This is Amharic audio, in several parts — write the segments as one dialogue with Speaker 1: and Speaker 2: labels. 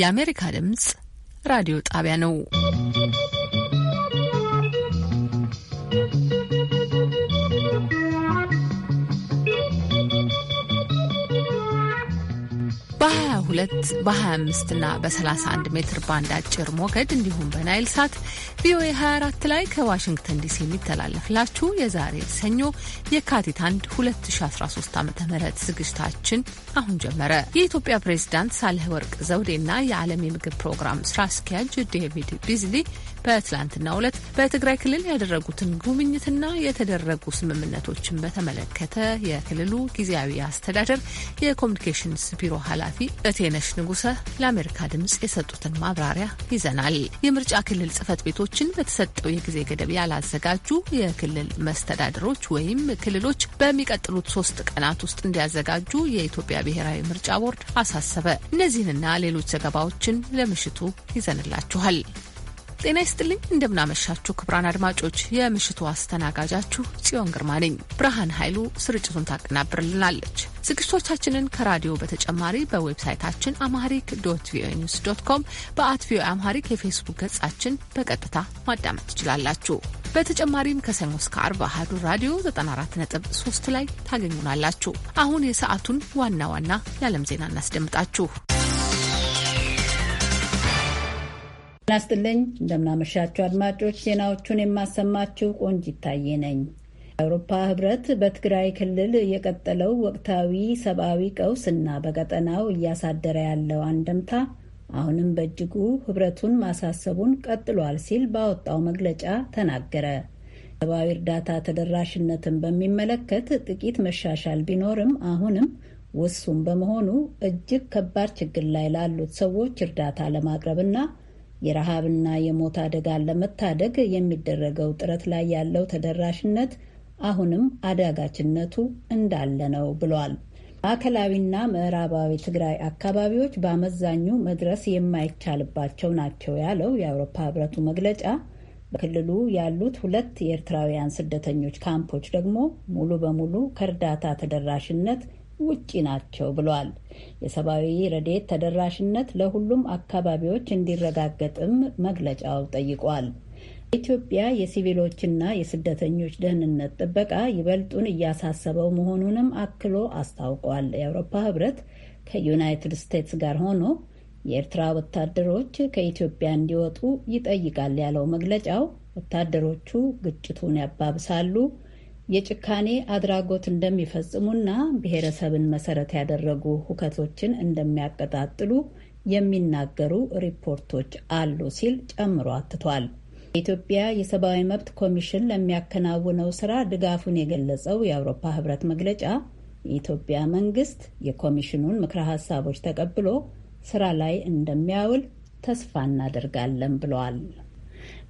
Speaker 1: የአሜሪካ ድምጽ ራዲዮ ጣቢያ ነው። በ በ25 እና በ31 ሜትር ባንድ አጭር ሞገድ እንዲሁም በናይል ሳት ቪኦኤ 24 ላይ ከዋሽንግተን ዲሲ የሚተላለፍላችሁ የዛሬ ሰኞ የካቲት 1 2013 ዓ ም ዝግጅታችን አሁን ጀመረ። የኢትዮጵያ ፕሬዝዳንት ሳልህ ወርቅ ዘውዴና የዓለም የምግብ ፕሮግራም ስራ አስኪያጅ ዴቪድ ቢዝሊ በትላንትናው ዕለት በትግራይ ክልል ያደረጉትን ጉብኝትና የተደረጉ ስምምነቶችን በተመለከተ የክልሉ ጊዜያዊ አስተዳደር የኮሚኒኬሽንስ ቢሮ ኃላፊ እቴነሽ ንጉሰ ለአሜሪካ ድምጽ የሰጡትን ማብራሪያ ይዘናል። የምርጫ ክልል ጽህፈት ቤቶችን በተሰጠው የጊዜ ገደብ ያላዘጋጁ የክልል መስተዳድሮች ወይም ክልሎች በሚቀጥሉት ሶስት ቀናት ውስጥ እንዲያዘጋጁ የኢትዮጵያ ብሔራዊ ምርጫ ቦርድ አሳሰበ። እነዚህንና ሌሎች ዘገባዎችን ለምሽቱ ይዘንላችኋል። ጤና ይስጥልኝ። እንደምናመሻችሁ ክቡራን አድማጮች፣ የምሽቱ አስተናጋጃችሁ ጽዮን ግርማ ነኝ። ብርሃን ኃይሉ ስርጭቱን ታቀናብርልናለች። ዝግጅቶቻችንን ከራዲዮ በተጨማሪ በዌብሳይታችን አማሪክ ዶት ቪኦኤ ኒውስ ዶት ኮም፣ በአት ቪኦኤ አማሪክ የፌስቡክ ገጻችን በቀጥታ ማዳመጥ ትችላላችሁ። በተጨማሪም ከሰኞ እስከ አርብ አህዱ ራዲዮ 94.3 ላይ ታገኙናላችሁ። አሁን የሰዓቱን ዋና ዋና የዓለም ዜና እናስደምጣችሁ።
Speaker 2: ናስጥልኝ ይስጥልኝ እንደምናመሻችሁ አድማጮች፣ ዜናዎቹን የማሰማችሁ ቆንጅ ይታየ ነኝ። የአውሮፓ ህብረት በትግራይ ክልል የቀጠለው ወቅታዊ ሰብአዊ ቀውስ እና በቀጠናው እያሳደረ ያለው አንደምታ አሁንም በእጅጉ ህብረቱን ማሳሰቡን ቀጥሏል ሲል ባወጣው መግለጫ ተናገረ። ሰብአዊ እርዳታ ተደራሽነትን በሚመለከት ጥቂት መሻሻል ቢኖርም አሁንም ውሱን በመሆኑ እጅግ ከባድ ችግር ላይ ላሉት ሰዎች እርዳታ ለማቅረብና የረሃብና የሞት አደጋን ለመታደግ የሚደረገው ጥረት ላይ ያለው ተደራሽነት አሁንም አዳጋችነቱ እንዳለ ነው ብሏል። ማዕከላዊና ምዕራባዊ ትግራይ አካባቢዎች በአመዛኙ መድረስ የማይቻልባቸው ናቸው ያለው የአውሮፓ ሕብረቱ መግለጫ በክልሉ ያሉት ሁለት የኤርትራውያን ስደተኞች ካምፖች ደግሞ ሙሉ በሙሉ ከእርዳታ ተደራሽነት ውጪ ናቸው ብሏል። የሰብአዊ ረዴት ተደራሽነት ለሁሉም አካባቢዎች እንዲረጋገጥም መግለጫው ጠይቋል። ኢትዮጵያ የሲቪሎችና የስደተኞች ደህንነት ጥበቃ ይበልጡን እያሳሰበው መሆኑንም አክሎ አስታውቋል። የአውሮፓ ህብረት ከዩናይትድ ስቴትስ ጋር ሆኖ የኤርትራ ወታደሮች ከኢትዮጵያ እንዲወጡ ይጠይቃል ያለው መግለጫው ወታደሮቹ ግጭቱን ያባብሳሉ የጭካኔ አድራጎት እንደሚፈጽሙና ብሔረሰብን መሰረት ያደረጉ ሁከቶችን እንደሚያቀጣጥሉ የሚናገሩ ሪፖርቶች አሉ ሲል ጨምሮ አትቷል። የኢትዮጵያ የሰብአዊ መብት ኮሚሽን ለሚያከናውነው ስራ ድጋፉን የገለጸው የአውሮፓ ህብረት መግለጫ የኢትዮጵያ መንግስት የኮሚሽኑን ምክረ ሀሳቦች ተቀብሎ ስራ ላይ እንደሚያውል ተስፋ እናደርጋለን ብለዋል።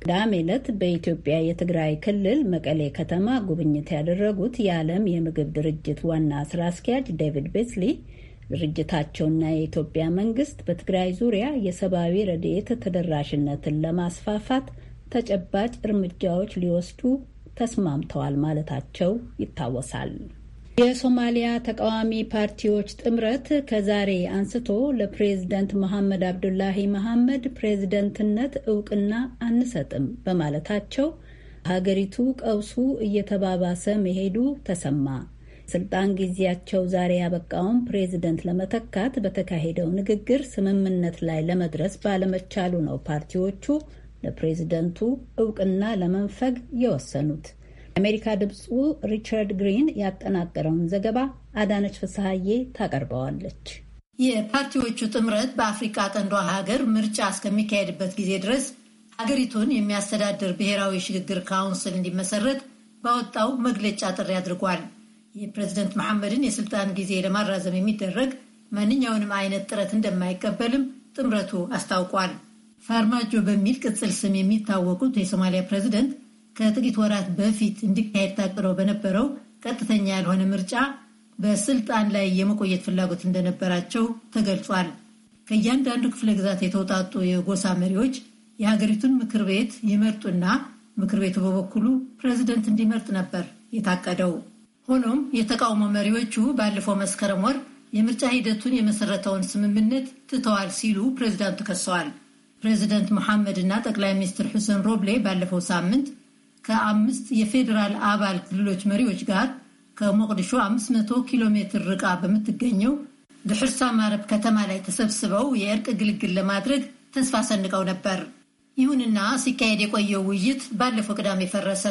Speaker 2: ቅዳሜ ዕለት በኢትዮጵያ የትግራይ ክልል መቀሌ ከተማ ጉብኝት ያደረጉት የዓለም የምግብ ድርጅት ዋና ስራ አስኪያጅ ዴቪድ ቤስሊ ድርጅታቸውና የኢትዮጵያ መንግስት በትግራይ ዙሪያ የሰብአዊ ረድኤት ተደራሽነትን ለማስፋፋት ተጨባጭ እርምጃዎች ሊወስዱ ተስማምተዋል ማለታቸው ይታወሳል። የሶማሊያ ተቃዋሚ ፓርቲዎች ጥምረት ከዛሬ አንስቶ ለፕሬዝደንት መሐመድ አብዱላሂ መሐመድ ፕሬዝደንትነት እውቅና አንሰጥም በማለታቸው ሀገሪቱ ቀውሱ እየተባባሰ መሄዱ ተሰማ። ስልጣን ጊዜያቸው ዛሬ ያበቃውን ፕሬዝደንት ለመተካት በተካሄደው ንግግር ስምምነት ላይ ለመድረስ ባለመቻሉ ነው ፓርቲዎቹ ለፕሬዝደንቱ እውቅና ለመንፈግ የወሰኑት። የአሜሪካ ድምፁ ሪቻርድ ግሪን ያጠናቀረውን ዘገባ አዳነች ፍስሐዬ ታቀርበዋለች።
Speaker 3: የፓርቲዎቹ ጥምረት በአፍሪካ ቀንዷ ሀገር ምርጫ እስከሚካሄድበት ጊዜ ድረስ ሀገሪቱን የሚያስተዳድር ብሔራዊ ሽግግር ካውንስል እንዲመሰረት ባወጣው መግለጫ ጥሪ አድርጓል። የፕሬዚደንት መሐመድን የስልጣን ጊዜ ለማራዘም የሚደረግ ማንኛውንም አይነት ጥረት እንደማይቀበልም ጥምረቱ አስታውቋል። ፋርማጆ በሚል ቅጽል ስም የሚታወቁት የሶማሊያ ፕሬዚደንት ከጥቂት ወራት በፊት እንዲካሄድ ታቅዶ በነበረው ቀጥተኛ ያልሆነ ምርጫ በስልጣን ላይ የመቆየት ፍላጎት እንደነበራቸው ተገልጿል። ከእያንዳንዱ ክፍለ ግዛት የተውጣጡ የጎሳ መሪዎች የሀገሪቱን ምክር ቤት ይመርጡና ምክር ቤቱ በበኩሉ ፕሬዚደንት እንዲመርጥ ነበር የታቀደው። ሆኖም የተቃውሞ መሪዎቹ ባለፈው መስከረም ወር የምርጫ ሂደቱን የመሰረተውን ስምምነት ትተዋል ሲሉ ፕሬዚዳንቱ ከሰዋል። ፕሬዚደንት መሐመድ እና ጠቅላይ ሚኒስትር ሑሴን ሮብሌ ባለፈው ሳምንት ከአምስት የፌዴራል አባል ክልሎች መሪዎች ጋር ከሞቅዲሾ 500 ኪሎ ሜትር ርቃ በምትገኘው ድሕርሳ ማረብ ከተማ ላይ ተሰብስበው የእርቅ ግልግል ለማድረግ ተስፋ ሰንቀው ነበር። ይሁንና ሲካሄድ የቆየው ውይይት ባለፈው ቅዳሜ ፈረሰ።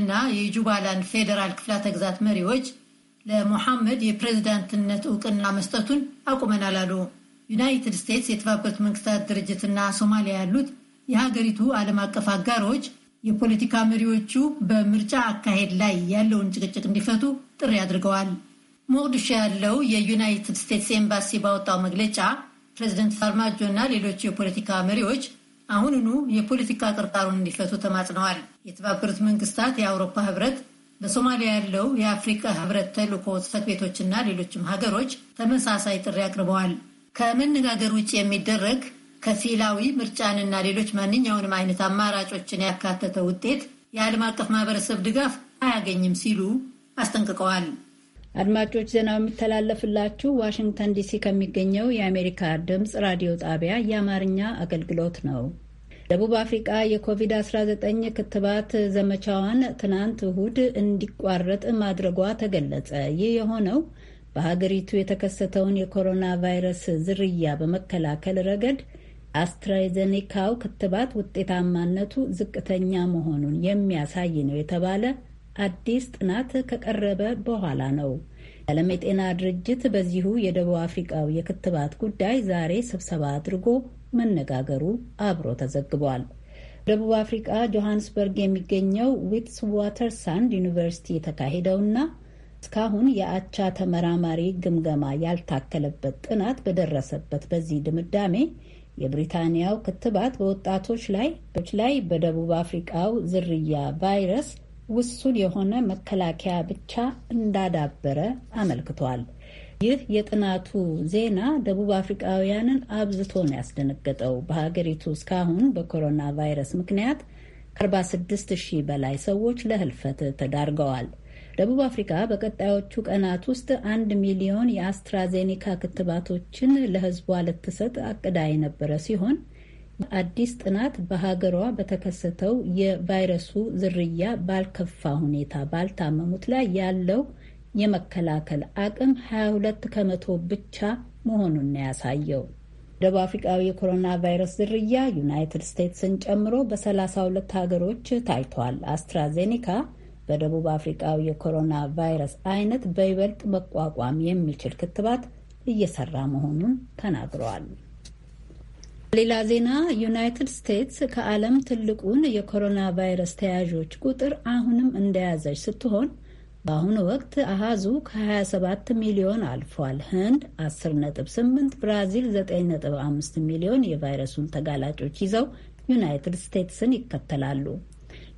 Speaker 3: እና የጁባላንድ ፌዴራል ክፍላተ ግዛት መሪዎች ለሞሐመድ የፕሬዝዳንትነት እውቅና መስጠቱን አቁመናል አሉ። ዩናይትድ ስቴትስ፣ የተባበሩት መንግስታት ድርጅትና ሶማሊያ ያሉት የሀገሪቱ ዓለም አቀፍ አጋሮች የፖለቲካ መሪዎቹ በምርጫ አካሄድ ላይ ያለውን ጭቅጭቅ እንዲፈቱ ጥሪ አድርገዋል። ሞቅዲሾ ያለው የዩናይትድ ስቴትስ ኤምባሲ ባወጣው መግለጫ ፕሬዚደንት ፋርማጆ እና ሌሎች የፖለቲካ መሪዎች አሁንኑ የፖለቲካ ጥርጣሩን እንዲፈቱ ተማጽነዋል። የተባበሩት መንግስታት፣ የአውሮፓ ህብረት፣ በሶማሊያ ያለው የአፍሪካ ህብረት ተልእኮ ጽሕፈት ቤቶችና ሌሎችም ሀገሮች ተመሳሳይ ጥሪ አቅርበዋል። ከመነጋገር ውጭ የሚደረግ ከፊላዊ ምርጫንና ሌሎች ማንኛውንም አይነት አማራጮችን ያካተተ ውጤት
Speaker 2: የዓለም አቀፍ ማህበረሰብ ድጋፍ አያገኝም ሲሉ አስጠንቅቀዋል። አድማጮች ዜናው የሚተላለፍላችሁ ዋሽንግተን ዲሲ ከሚገኘው የአሜሪካ ድምፅ ራዲዮ ጣቢያ የአማርኛ አገልግሎት ነው። ደቡብ አፍሪቃ የኮቪድ-19 ክትባት ዘመቻዋን ትናንት እሁድ እንዲቋረጥ ማድረጓ ተገለጸ። ይህ የሆነው በሀገሪቱ የተከሰተውን የኮሮና ቫይረስ ዝርያ በመከላከል ረገድ አስትራዜኒካው ክትባት ውጤታማነቱ ዝቅተኛ መሆኑን የሚያሳይ ነው የተባለ አዲስ ጥናት ከቀረበ በኋላ ነው። የዓለም የጤና ድርጅት በዚሁ የደቡብ አፍሪቃው የክትባት ጉዳይ ዛሬ ስብሰባ አድርጎ መነጋገሩ አብሮ ተዘግቧል። ደቡብ አፍሪቃ ጆሃንስበርግ የሚገኘው ዊትስ ዋተር ሳንድ ዩኒቨርሲቲ የተካሄደውና እስካሁን የአቻ ተመራማሪ ግምገማ ያልታከለበት ጥናት በደረሰበት በዚህ ድምዳሜ የብሪታንያው ክትባት በወጣቶች ላይ ላይ በደቡብ አፍሪቃው ዝርያ ቫይረስ ውሱን የሆነ መከላከያ ብቻ እንዳዳበረ አመልክቷል። ይህ የጥናቱ ዜና ደቡብ አፍሪቃውያንን አብዝቶ ነው ያስደነገጠው። በሀገሪቱ እስካሁን በኮሮና ቫይረስ ምክንያት ከ46 ሺህ በላይ ሰዎች ለህልፈት ተዳርገዋል። ደቡብ አፍሪካ በቀጣዮቹ ቀናት ውስጥ አንድ ሚሊዮን የአስትራዜኒካ ክትባቶችን ለሕዝቧ ልትሰጥ አቅዳ የነበረ ሲሆን አዲስ ጥናት በሀገሯ በተከሰተው የቫይረሱ ዝርያ ባልከፋ ሁኔታ ባልታመሙት ላይ ያለው የመከላከል አቅም 22 ከመቶ ብቻ መሆኑን ያሳየው። ደቡብ አፍሪካዊ የኮሮና ቫይረስ ዝርያ ዩናይትድ ስቴትስን ጨምሮ በ32 ሀገሮች ታይቷል። አስትራዜኒካ በደቡብ አፍሪቃው የኮሮና ቫይረስ አይነት በይበልጥ መቋቋም የሚችል ክትባት እየሰራ መሆኑን ተናግረዋል። ሌላ ዜና ዩናይትድ ስቴትስ ከዓለም ትልቁን የኮሮና ቫይረስ ተያዦች ቁጥር አሁንም እንደያዘች ስትሆን በአሁኑ ወቅት አሃዙ ከ27 ሚሊዮን አልፏል። ህንድ 10.8፣ ብራዚል 9.5 ሚሊዮን የቫይረሱን ተጋላጮች ይዘው ዩናይትድ ስቴትስን ይከተላሉ።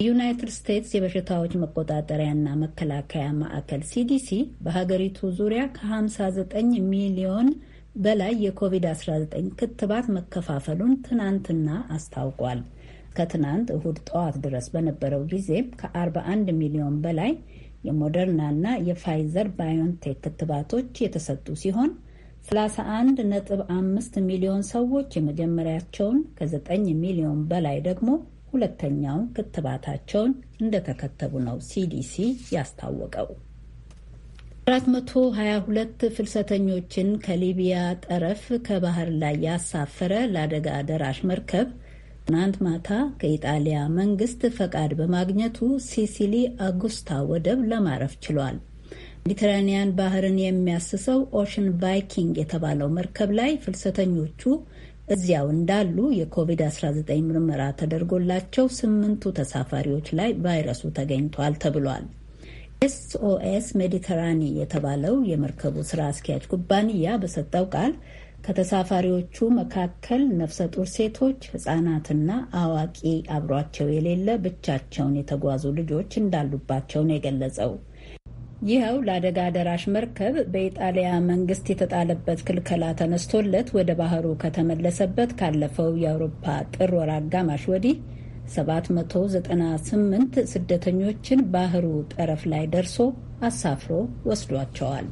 Speaker 2: የዩናይትድ ስቴትስ የበሽታዎች መቆጣጠሪያና መከላከያ ማዕከል ሲዲሲ በሀገሪቱ ዙሪያ ከ59 ሚሊዮን በላይ የኮቪድ-19 ክትባት መከፋፈሉን ትናንትና አስታውቋል። ከትናንት እሁድ ጠዋት ድረስ በነበረው ጊዜም ከ41 ሚሊዮን በላይ የሞደርናና የፋይዘር ባዮንቴክ ክትባቶች የተሰጡ ሲሆን 31.5 ነጥብ ሚሊዮን ሰዎች የመጀመሪያቸውን ከ9 ሚሊዮን በላይ ደግሞ ሁለተኛውን ክትባታቸውን እንደተከተቡ ነው ሲዲሲ ያስታወቀው። 422 ፍልሰተኞችን ከሊቢያ ጠረፍ ከባህር ላይ ያሳፈረ ለአደጋ ደራሽ መርከብ ትናንት ማታ ከኢጣሊያ መንግስት ፈቃድ በማግኘቱ ሲሲሊ አጉስታ ወደብ ለማረፍ ችሏል። ሜዲትራኒያን ባህርን የሚያስሰው ኦሽን ቫይኪንግ የተባለው መርከብ ላይ ፍልሰተኞቹ እዚያው እንዳሉ የኮቪድ-19 ምርመራ ተደርጎላቸው ስምንቱ ተሳፋሪዎች ላይ ቫይረሱ ተገኝቷል ተብሏል። ኤስኦኤስ ሜዲተራኒ የተባለው የመርከቡ ስራ አስኪያጅ ኩባንያ በሰጠው ቃል ከተሳፋሪዎቹ መካከል ነፍሰ ጡር ሴቶች፣ ህጻናትና አዋቂ አብሯቸው የሌለ ብቻቸውን የተጓዙ ልጆች እንዳሉባቸው ነው የገለጸው። ይኸው ለአደጋ ደራሽ መርከብ በኢጣሊያ መንግስት የተጣለበት ክልከላ ተነስቶለት ወደ ባህሩ ከተመለሰበት ካለፈው የአውሮፓ ጥር ወር አጋማሽ ወዲህ 798 ስደተኞችን ባህሩ ጠረፍ ላይ ደርሶ አሳፍሮ ወስዷቸዋል።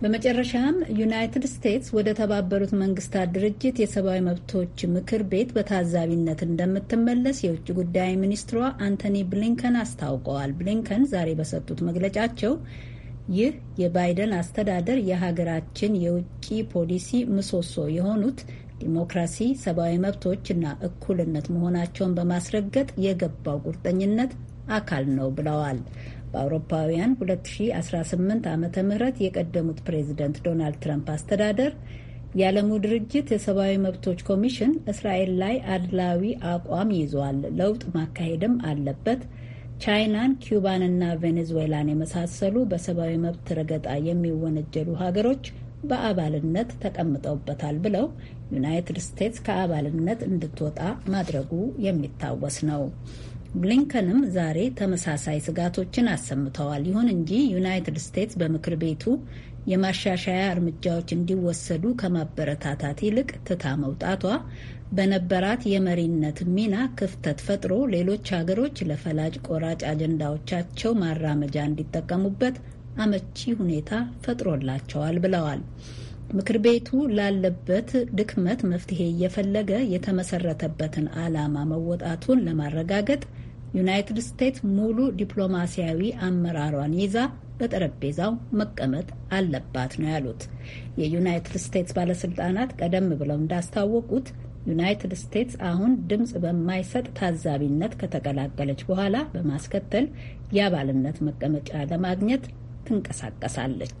Speaker 2: በመጨረሻም ዩናይትድ ስቴትስ ወደ ተባበሩት መንግስታት ድርጅት የሰብአዊ መብቶች ምክር ቤት በታዛቢነት እንደምትመለስ የውጭ ጉዳይ ሚኒስትሯ አንቶኒ ብሊንከን አስታውቀዋል። ብሊንከን ዛሬ በሰጡት መግለጫቸው ይህ የባይደን አስተዳደር የሀገራችን የውጭ ፖሊሲ ምሰሶ የሆኑት ዲሞክራሲ፣ ሰብአዊ መብቶች እና እኩልነት መሆናቸውን በማስረገጥ የገባው ቁርጠኝነት አካል ነው ብለዋል። በአውሮፓውያን 2018 ዓ ም የቀደሙት ፕሬዚደንት ዶናልድ ትራምፕ አስተዳደር የዓለሙ ድርጅት የሰብአዊ መብቶች ኮሚሽን እስራኤል ላይ አድላዊ አቋም ይዟል፣ ለውጥ ማካሄድም አለበት፣ ቻይናን፣ ኪዩባንና ቬኔዙዌላን የመሳሰሉ በሰብአዊ መብት ረገጣ የሚወነጀሉ ሀገሮች በአባልነት ተቀምጠውበታል ብለው ዩናይትድ ስቴትስ ከአባልነት እንድትወጣ ማድረጉ የሚታወስ ነው። ብሊንከንም ዛሬ ተመሳሳይ ስጋቶችን አሰምተዋል። ይሁን እንጂ ዩናይትድ ስቴትስ በምክር ቤቱ የማሻሻያ እርምጃዎች እንዲወሰዱ ከማበረታታት ይልቅ ትታ መውጣቷ በነበራት የመሪነት ሚና ክፍተት ፈጥሮ ሌሎች ሀገሮች ለፈላጭ ቆራጭ አጀንዳዎቻቸው ማራመጃ እንዲጠቀሙበት አመቺ ሁኔታ ፈጥሮላቸዋል ብለዋል። ምክር ቤቱ ላለበት ድክመት መፍትሄ እየፈለገ የተመሰረተበትን ዓላማ መወጣቱን ለማረጋገጥ ዩናይትድ ስቴትስ ሙሉ ዲፕሎማሲያዊ አመራሯን ይዛ በጠረጴዛው መቀመጥ አለባት ነው ያሉት። የዩናይትድ ስቴትስ ባለስልጣናት ቀደም ብለው እንዳስታወቁት ዩናይትድ ስቴትስ አሁን ድምፅ በማይሰጥ ታዛቢነት ከተቀላቀለች በኋላ በማስከተል የአባልነት መቀመጫ ለማግኘት ትንቀሳቀሳለች።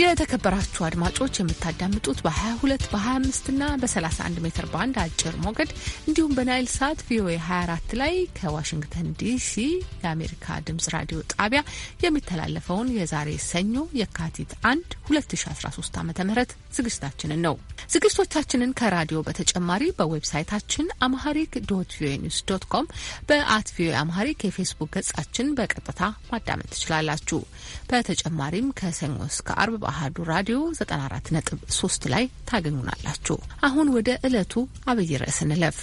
Speaker 1: የተከበራችሁ አድማጮች የምታዳምጡት በ22 በ25 እና በ31 ሜትር ባንድ አጭር ሞገድ እንዲሁም በናይል ሳት ቪኦኤ 24 ላይ ከዋሽንግተን ዲሲ የአሜሪካ ድምጽ ራዲዮ ጣቢያ የሚተላለፈውን የዛሬ ሰኞ የካቲት 1 2013 ዓ ም ዝግጅታችንን ነው። ዝግጅቶቻችንን ከራዲዮ በተጨማሪ በዌብሳይታችን አምሃሪክ ዶት ቪኦኤ ኒውስ ዶት ኮም፣ በአት ቪኦኤ አምሃሪክ የፌስቡክ ገጻችን በቀጥታ ማዳመጥ ትችላላችሁ። በተጨማሪም ከሰኞ እስከ አርብ አሀዱ ራዲዮ 94.3 ላይ ታገኙናላችሁ። አሁን ወደ ዕለቱ አብይ ርዕስ እንለፍ።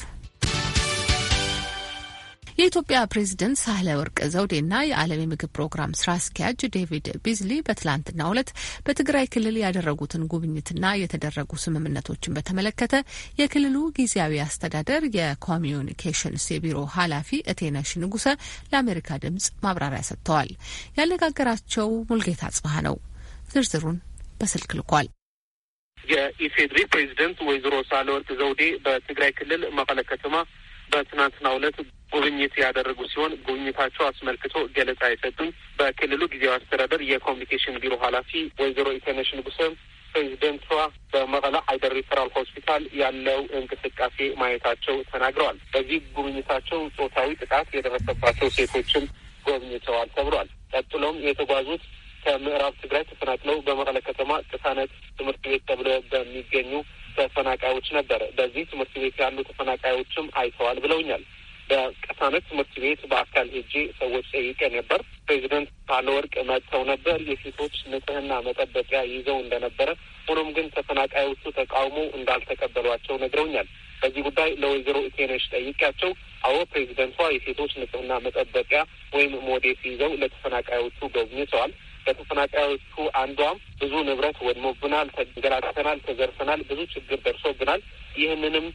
Speaker 1: የኢትዮጵያ ፕሬዝደንት ሳህለ ወርቅ ዘውዴና የዓለም የምግብ ፕሮግራም ስራ አስኪያጅ ዴቪድ ቢዝሊ በትላንትናው ዕለት በትግራይ ክልል ያደረጉትን ጉብኝትና የተደረጉ ስምምነቶችን በተመለከተ የክልሉ ጊዜያዊ አስተዳደር የኮሚዩኒኬሽንስ የቢሮ ኃላፊ እቴነሽ ንጉሰ ለአሜሪካ ድምጽ ማብራሪያ ሰጥተዋል። ያነጋገራቸው ሙልጌታ ጽሀ ነው። ዝርዝሩን በስልክ ልኳል።
Speaker 4: የኢፌዴሪ ፕሬዚደንት ወይዘሮ ሳህለወርቅ ዘውዴ በትግራይ ክልል መቀለ ከተማ በትናንትናው ዕለት ጉብኝት ያደረጉ ሲሆን ጉብኝታቸው አስመልክቶ ገለጻ የሰጡን በክልሉ ጊዜያዊ አስተዳደር የኮሚኒኬሽን ቢሮ ኃላፊ ወይዘሮ ኢተነሽ ንጉሰም ፕሬዚደንቷ በመቀለ ሀይደር ሪፈራል ሆስፒታል ያለው እንቅስቃሴ ማየታቸው ተናግረዋል። በዚህ ጉብኝታቸው ጾታዊ ጥቃት የደረሰባቸው ሴቶችን ጎብኝተዋል ተብሏል። ቀጥሎም የተጓዙት ከምዕራብ ትግራይ ተፈናቅለው በመቀለ ከተማ ቅሳነት ትምህርት ቤት ተብሎ በሚገኙ ተፈናቃዮች ነበር። በዚህ ትምህርት ቤት ያሉ ተፈናቃዮችም አይተዋል ብለውኛል። በቅሳነት ትምህርት ቤት በአካል ሄጄ ሰዎች ጠይቄ ነበር። ፕሬዚደንት ሳህለወርቅ መጥተው ነበር። የሴቶች ንጽህና መጠበቂያ ይዘው እንደነበረ፣ ሆኖም ግን ተፈናቃዮቹ ተቃውሞ እንዳልተቀበሏቸው ነግረውኛል። በዚህ ጉዳይ ለወይዘሮ ኢቴነሽ ጠይቂያቸው፣ አዎ ፕሬዚደንቷ የሴቶች ንጽህና መጠበቂያ ወይም ሞዴስ ይዘው ለተፈናቃዮቹ ጎብኝተዋል። ከተፈናቃዮቹ አንዷም ብዙ ንብረት ወድሞብናል፣ ተንገላትተናል፣ ተዘርፈናል፣ ብዙ ችግር ደርሶብናል። ይህንንም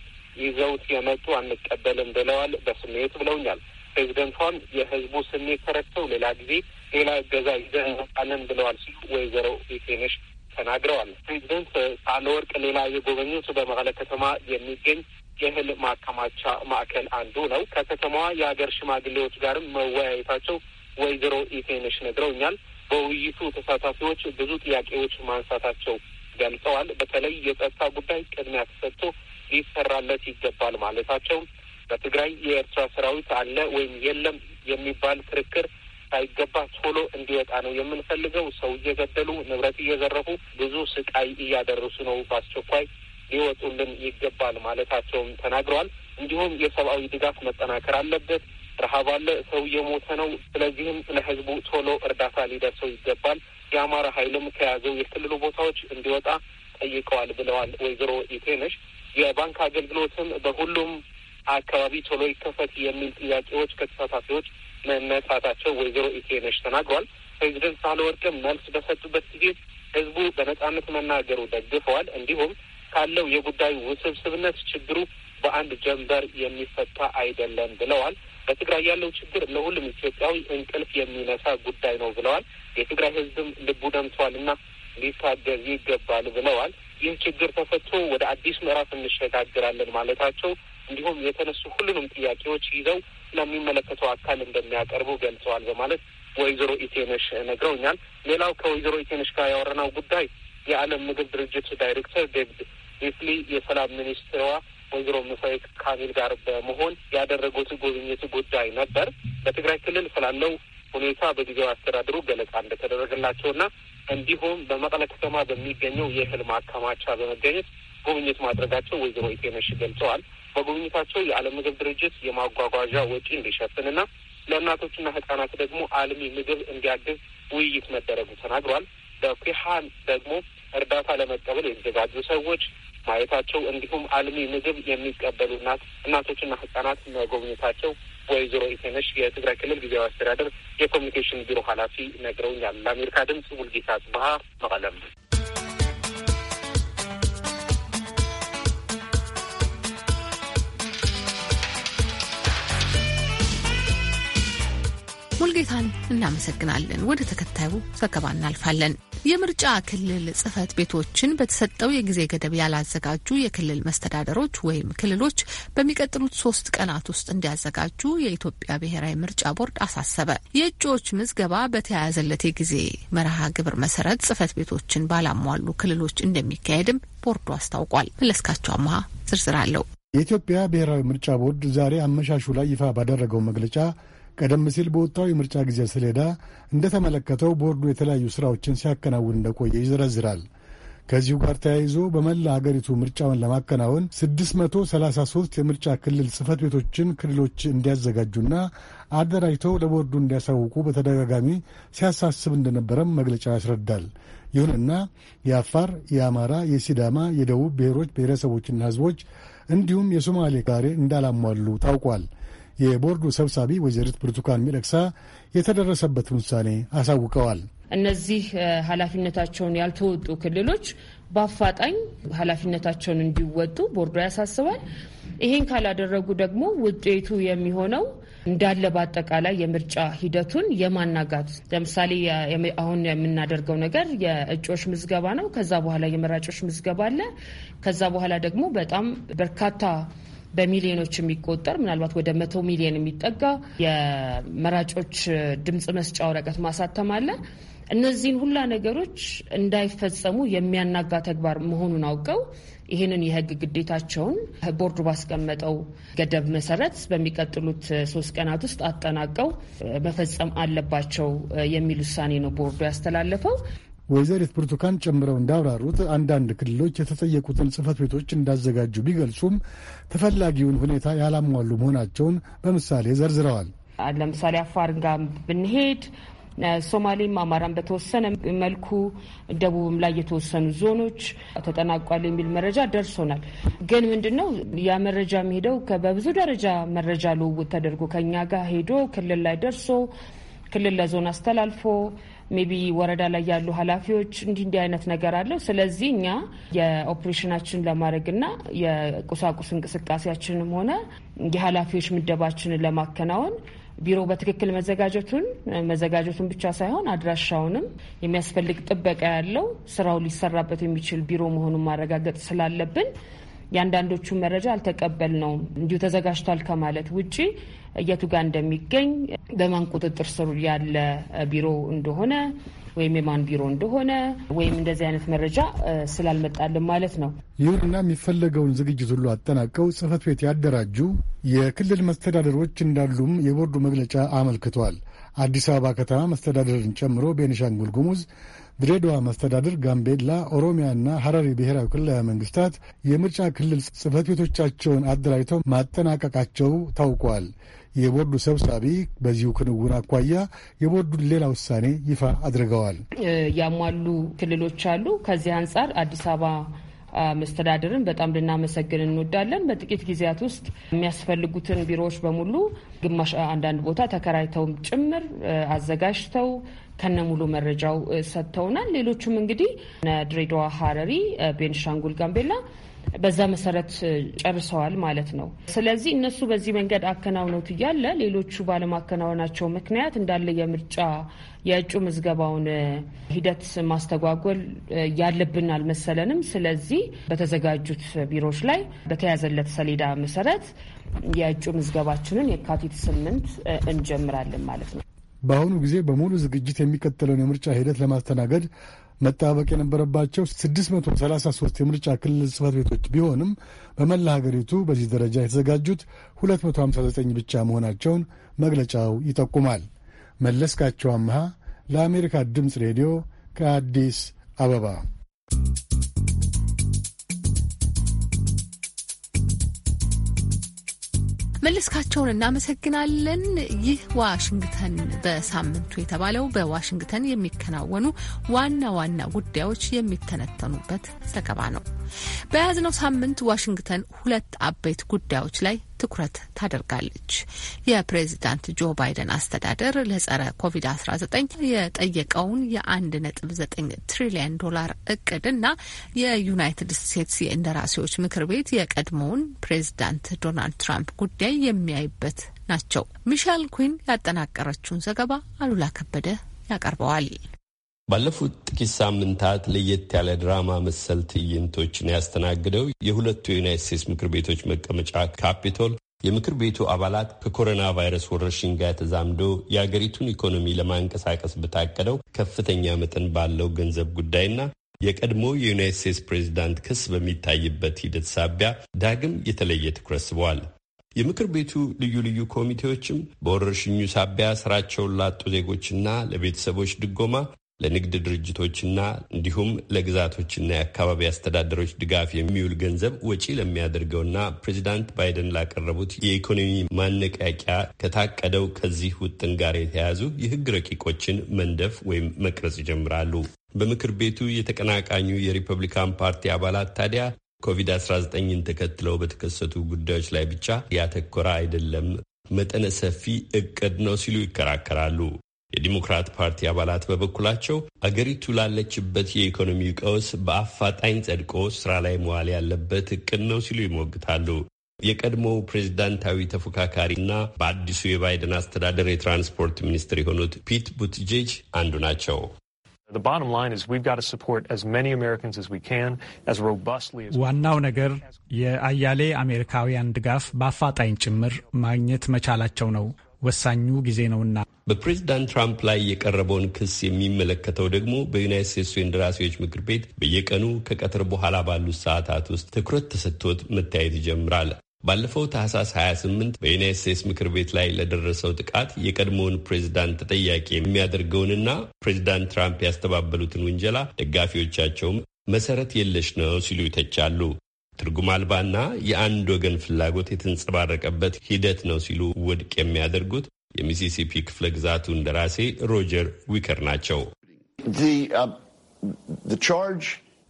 Speaker 4: ይዘውት የመጡ አንቀበልም ብለዋል በስሜት ብለውኛል። ፕሬዚደንቷም የህዝቡ ስሜት ተረድተው ሌላ ጊዜ ሌላ እገዛ ይዘን እንመጣለን ብለዋል ሲሉ ወይዘሮ ቤቴነሽ ተናግረዋል። ፕሬዚደንት ሳህለወርቅ ሌላ የጎበኙት በመቀለ ከተማ የሚገኝ የእህል ማከማቻ ማዕከል አንዱ ነው። ከከተማዋ የሀገር ሽማግሌዎች ጋርም መወያየታቸው ወይዘሮ ኢቴንሽ ነግረውኛል። በውይይቱ ተሳታፊዎች ብዙ ጥያቄዎች ማንሳታቸው ገልጸዋል። በተለይ የጸጥታ ጉዳይ ቅድሚያ ተሰጥቶ ሊሰራለት ይገባል ማለታቸው፣ በትግራይ የኤርትራ ሰራዊት አለ ወይም የለም የሚባል ክርክር ሳይገባ ቶሎ እንዲወጣ ነው የምንፈልገው። ሰው እየገደሉ ንብረት እየዘረፉ ብዙ ስቃይ እያደረሱ ነው፣ በአስቸኳይ ሊወጡልን ይገባል ማለታቸውም ተናግረዋል። እንዲሁም የሰብአዊ ድጋፍ መጠናከር አለበት ረሀብ አለ፣ ሰው እየሞተ ነው። ስለዚህም ለህዝቡ ቶሎ እርዳታ ሊደርሰው ይገባል። የአማራ ኃይልም ከያዘው የክልሉ ቦታዎች እንዲወጣ ጠይቀዋል ብለዋል ወይዘሮ ኢቴነሽ። የባንክ አገልግሎትም በሁሉም አካባቢ ቶሎ ይከፈት የሚል ጥያቄዎች ከተሳታፊዎች መነሳታቸው ወይዘሮ ኢቴነሽ ተናግሯል። ፕሬዚደንት ሳህለወርቅም መልስ በሰጡበት ጊዜ ህዝቡ በነጻነት መናገሩ ደግፈዋል። እንዲሁም ካለው የጉዳዩ ውስብስብነት ችግሩ በአንድ ጀንበር የሚፈታ አይደለም ብለዋል። በትግራይ ያለው ችግር ለሁሉም ኢትዮጵያዊ እንቅልፍ የሚነሳ ጉዳይ ነው ብለዋል። የትግራይ ህዝብም ልቡ ደምቷል እና ሊታገዝ ይገባል ብለዋል። ይህ ችግር ተፈቶ ወደ አዲስ ምዕራፍ እንሸጋግራለን ማለታቸው እንዲሁም የተነሱ ሁሉንም ጥያቄዎች ይዘው ለሚመለከተው አካል እንደሚያቀርቡ ገልጸዋል በማለት ወይዘሮ ኢቴነሽ ነግረውኛል። ሌላው ከወይዘሮ ኢቴነሽ ጋር ያወራነው ጉዳይ የዓለም ምግብ ድርጅት ዳይሬክተር ዴቪድ ሪፍሊ የሰላም ሚኒስትሯ ወይዘሮ ሙሳይት ካሚል ጋር በመሆን ያደረጉት ጉብኝት ጉዳይ ነበር። በትግራይ ክልል ስላለው ሁኔታ በጊዜው አስተዳድሩ ገለጻ እንደተደረገላቸውና እንዲሁም በመቀለ ከተማ በሚገኘው የእህል ማከማቻ በመገኘት ጉብኝት ማድረጋቸው ወይዘሮ ኢቴነሽ ገልጸዋል። በጉብኝታቸው የዓለም ምግብ ድርጅት የማጓጓዣ ወጪ እንዲሸፍንና ለእናቶችና ህጻናት ደግሞ አልሚ ምግብ እንዲያግዝ ውይይት መደረጉ ተናግሯል። በኩሃን ደግሞ እርዳታ ለመቀበል የተዘጋጁ ሰዎች ማየታቸው እንዲሁም አልሚ ምግብ የሚቀበሉ እናት እናቶችና ህጻናት መጎብኘታቸው ወይዘሮ ኢቴነሽ የትግራይ ክልል ጊዜያዊ አስተዳደር የኮሚኒኬሽን ቢሮ ኃላፊ ነግረውኛል። ለአሜሪካ ድምጽ ሙልጌታ ጽብሀ መቀለም።
Speaker 1: ሙልጌታን እናመሰግናለን። ወደ ተከታዩ ዘገባ እናልፋለን። የምርጫ ክልል ጽህፈት ቤቶችን በተሰጠው የጊዜ ገደብ ያላዘጋጁ የክልል መስተዳደሮች ወይም ክልሎች በሚቀጥሉት ሶስት ቀናት ውስጥ እንዲያዘጋጁ የኢትዮጵያ ብሔራዊ ምርጫ ቦርድ አሳሰበ። የእጩዎች ምዝገባ በተያያዘለት የጊዜ መርሃ ግብር መሰረት ጽህፈት ቤቶችን ባላሟሉ ክልሎች እንደሚካሄድም ቦርዱ አስታውቋል። መለስካቸው አመሀ ዝርዝር አለው።
Speaker 5: የኢትዮጵያ ብሔራዊ ምርጫ ቦርድ ዛሬ አመሻሹ ላይ ይፋ ባደረገው መግለጫ ቀደም ሲል በወጣው የምርጫ ጊዜ ሰሌዳ እንደተመለከተው ቦርዱ የተለያዩ ስራዎችን ሲያከናውን እንደቆየ ይዘረዝራል። ከዚሁ ጋር ተያይዞ በመላ አገሪቱ ምርጫውን ለማከናወን 633 የምርጫ ክልል ጽህፈት ቤቶችን ክልሎች እንዲያዘጋጁና አደራጅተው ለቦርዱ እንዲያሳውቁ በተደጋጋሚ ሲያሳስብ እንደነበረም መግለጫው ያስረዳል። ይሁንና የአፋር፣ የአማራ፣ የሲዳማ፣ የደቡብ ብሔሮች ብሔረሰቦችና ህዝቦች እንዲሁም የሶማሌ ጋሬ እንዳላሟሉ ታውቋል። የቦርዱ ሰብሳቢ ወይዘሪት ብርቱካን ሚደቅሳ የተደረሰበትን ውሳኔ አሳውቀዋል።
Speaker 6: እነዚህ ኃላፊነታቸውን ያልተወጡ ክልሎች በአፋጣኝ ኃላፊነታቸውን እንዲወጡ ቦርዱ ያሳስባል። ይህን ካላደረጉ ደግሞ ውጤቱ የሚሆነው እንዳለ በአጠቃላይ የምርጫ ሂደቱን የማናጋት ለምሳሌ አሁን የምናደርገው ነገር የእጩዎች ምዝገባ ነው። ከዛ በኋላ የመራጮች ምዝገባ አለ። ከዛ በኋላ ደግሞ በጣም በርካታ በሚሊዮኖች የሚቆጠር ምናልባት ወደ መቶ ሚሊዮን የሚጠጋ የመራጮች ድምፅ መስጫ ወረቀት ማሳተም አለ። እነዚህን ሁላ ነገሮች እንዳይፈጸሙ የሚያናጋ ተግባር መሆኑን አውቀው ይህንን የህግ ግዴታቸውን ቦርዱ ባስቀመጠው ገደብ መሰረት በሚቀጥሉት ሶስት ቀናት ውስጥ አጠናቀው መፈጸም አለባቸው የሚል ውሳኔ ነው ቦርዱ ያስተላለፈው።
Speaker 5: ወይዘሪት ብርቱካን ጨምረው እንዳብራሩት አንዳንድ ክልሎች የተጠየቁትን ጽህፈት ቤቶች እንዳዘጋጁ ቢገልጹም ተፈላጊውን ሁኔታ ያላሟሉ መሆናቸውን በምሳሌ ዘርዝረዋል።
Speaker 6: ለምሳሌ አፋርን ጋር ብንሄድ ሶማሌም አማራም በተወሰነ መልኩ ደቡብም ላይ የተወሰኑ ዞኖች ተጠናቋል የሚል መረጃ ደርሶናል። ግን ምንድነው ያ መረጃ የሚሄደው በብዙ ደረጃ መረጃ ልውውጥ ተደርጎ ከኛ ጋር ሄዶ ክልል ላይ ደርሶ ክልል ለዞን አስተላልፎ ሜቢ ወረዳ ላይ ያሉ ኃላፊዎች እንዲህ እንዲህ አይነት ነገር አለው። ስለዚህ እኛ የኦፕሬሽናችን ለማድረግና የቁሳቁስ እንቅስቃሴያችንም ሆነ የኃላፊዎች ምደባችንን ለማከናወን ቢሮ በትክክል መዘጋጀቱን መዘጋጀቱን ብቻ ሳይሆን አድራሻውንም የሚያስፈልግ ጥበቃ ያለው ስራው ሊሰራበት የሚችል ቢሮ መሆኑን ማረጋገጥ ስላለብን የአንዳንዶቹ መረጃ አልተቀበል ነው እንዲሁ ተዘጋጅቷል ከማለት ውጪ የቱ ጋር እንደሚገኝ በማን ቁጥጥር ስር ያለ ቢሮ እንደሆነ ወይም የማን ቢሮ እንደሆነ ወይም እንደዚህ አይነት መረጃ ስላልመጣልን ማለት ነው።
Speaker 5: ይሁንና የሚፈለገውን ዝግጅት ሁሉ አጠናቀው ጽህፈት ቤት ያደራጁ የክልል መስተዳደሮች እንዳሉም የቦርዱ መግለጫ አመልክቷል። አዲስ አበባ ከተማ መስተዳደርን ጨምሮ ቤኒሻንጉል ጉሙዝ፣ ድሬዳዋ መስተዳድር፣ ጋምቤላ፣ ኦሮሚያና ሐረሪ ብሔራዊ ክልላዊ መንግስታት የምርጫ ክልል ጽህፈት ቤቶቻቸውን አደራጅተው ማጠናቀቃቸው ታውቋል። የቦርዱ ሰብሳቢ በዚሁ ክንውን አኳያ የቦርዱን ሌላ ውሳኔ ይፋ አድርገዋል።
Speaker 6: ያሟሉ ክልሎች አሉ። ከዚህ አንጻር አዲስ አበባ መስተዳድርን በጣም ልናመሰግን እንወዳለን። በጥቂት ጊዜያት ውስጥ የሚያስፈልጉትን ቢሮዎች በሙሉ ግማሽ አንዳንድ ቦታ ተከራይተውም ጭምር አዘጋጅተው ከነሙሉ መረጃው ሰጥተውናል። ሌሎቹም እንግዲህ ድሬዳዋ፣ ሀረሪ፣ ቤንሻንጉል፣ ጋምቤላ በዛ መሰረት ጨርሰዋል ማለት ነው። ስለዚህ እነሱ በዚህ መንገድ አከናውነውት እያለ ሌሎቹ ባለማከናወናቸው ምክንያት እንዳለ የምርጫ የእጩ ምዝገባውን ሂደት ማስተጓጎል ያለብን አልመሰለንም። ስለዚህ በተዘጋጁት ቢሮዎች ላይ በተያዘለት ሰሌዳ መሰረት የእጩ ምዝገባችንን የካቲት ስምንት እንጀምራለን ማለት ነው።
Speaker 5: በአሁኑ ጊዜ በሙሉ ዝግጅት የሚቀጥለውን የምርጫ ሂደት ለማስተናገድ መጠባበቅ የነበረባቸው 633 የምርጫ ክልል ጽህፈት ቤቶች ቢሆንም በመላ ሀገሪቱ በዚህ ደረጃ የተዘጋጁት 259 ብቻ መሆናቸውን መግለጫው ይጠቁማል። መለስካቸው አምሃ ለአሜሪካ ድምፅ ሬዲዮ ከአዲስ አበባ
Speaker 1: መለስካቸውን እናመሰግናለን። ይህ ዋሽንግተን በሳምንቱ የተባለው በዋሽንግተን የሚከናወኑ ዋና ዋና ጉዳዮች የሚተነተኑበት ዘገባ ነው። በያዝነው ሳምንት ዋሽንግተን ሁለት አበይት ጉዳዮች ላይ ትኩረት ታደርጋለች። የፕሬዚዳንት ጆ ባይደን አስተዳደር ለጸረ ኮቪድ-19 የጠየቀውን የ 19 ዘጠኝ ትሪሊየን ዶላር እቅድና የዩናይትድ ስቴትስ የእንደራሴዎች ምክር ቤት የቀድሞውን ፕሬዚዳንት ዶናልድ ትራምፕ ጉዳይ የሚያይበት ናቸው። ሚሻል ኩን ያጠናቀረችውን ዘገባ አሉላ ከበደ ያቀርበዋል።
Speaker 7: ባለፉት ጥቂት ሳምንታት ለየት ያለ ድራማ መሰል ትዕይንቶችን ያስተናግደው የሁለቱ የዩናይት ስቴትስ ምክር ቤቶች መቀመጫ ካፒቶል የምክር ቤቱ አባላት ከኮሮና ቫይረስ ወረርሽኝ ጋር ተዛምዶ የአገሪቱን ኢኮኖሚ ለማንቀሳቀስ በታቀደው ከፍተኛ መጠን ባለው ገንዘብ ጉዳይና የቀድሞ የዩናይት ስቴትስ ፕሬዚዳንት ክስ በሚታይበት ሂደት ሳቢያ ዳግም የተለየ ትኩረት ስበዋል። የምክር ቤቱ ልዩ ልዩ ኮሚቴዎችም በወረርሽኙ ሳቢያ ስራቸውን ላጡ ዜጎችና ለቤተሰቦች ድጎማ ለንግድ ድርጅቶችና እንዲሁም ለግዛቶችና የአካባቢ አስተዳደሮች ድጋፍ የሚውል ገንዘብ ወጪ ለሚያደርገውና ፕሬዚዳንት ባይደን ላቀረቡት የኢኮኖሚ ማነቃቂያ ከታቀደው ከዚህ ውጥን ጋር የተያያዙ የሕግ ረቂቆችን መንደፍ ወይም መቅረጽ ይጀምራሉ። በምክር ቤቱ የተቀናቃኙ የሪፐብሊካን ፓርቲ አባላት ታዲያ ኮቪድ-19ን ተከትለው በተከሰቱ ጉዳዮች ላይ ብቻ ያተኮረ አይደለም፣ መጠነ ሰፊ እቅድ ነው ሲሉ ይከራከራሉ። የዲሞክራት ፓርቲ አባላት በበኩላቸው አገሪቱ ላለችበት የኢኮኖሚ ቀውስ በአፋጣኝ ጸድቆ ስራ ላይ መዋል ያለበት እቅድ ነው ሲሉ ይሞግታሉ። የቀድሞው ፕሬዚዳንታዊ እና በአዲሱ የባይደን አስተዳደር የትራንስፖርት ሚኒስትር የሆኑት ፒት ቡትጄጅ አንዱ ናቸው።
Speaker 5: ዋናው ነገር የአያሌ አሜሪካውያን ድጋፍ በአፋጣኝ ጭምር ማግኘት መቻላቸው ነው። ወሳኙ ጊዜ ነውና።
Speaker 7: በፕሬዚዳንት ትራምፕ ላይ የቀረበውን ክስ የሚመለከተው ደግሞ በዩናይት ስቴትሱ የእንደራሴዎች ምክር ቤት በየቀኑ ከቀትር በኋላ ባሉት ሰዓታት ውስጥ ትኩረት ተሰጥቶት መታየት ይጀምራል። ባለፈው ታህሳስ 28 በዩናይት ስቴትስ ምክር ቤት ላይ ለደረሰው ጥቃት የቀድሞውን ፕሬዚዳንት ተጠያቂ የሚያደርገውንና ፕሬዚዳንት ትራምፕ ያስተባበሉትን ውንጀላ ደጋፊዎቻቸውም መሰረት የለሽ ነው ሲሉ ይተቻሉ። ትርጉም አልባና የአንድ ወገን ፍላጎት የተንጸባረቀበት ሂደት ነው ሲሉ ውድቅ የሚያደርጉት የሚሲሲፒ ክፍለ ግዛቱ እንደራሴ ሮጀር ዊከር ናቸው። uh,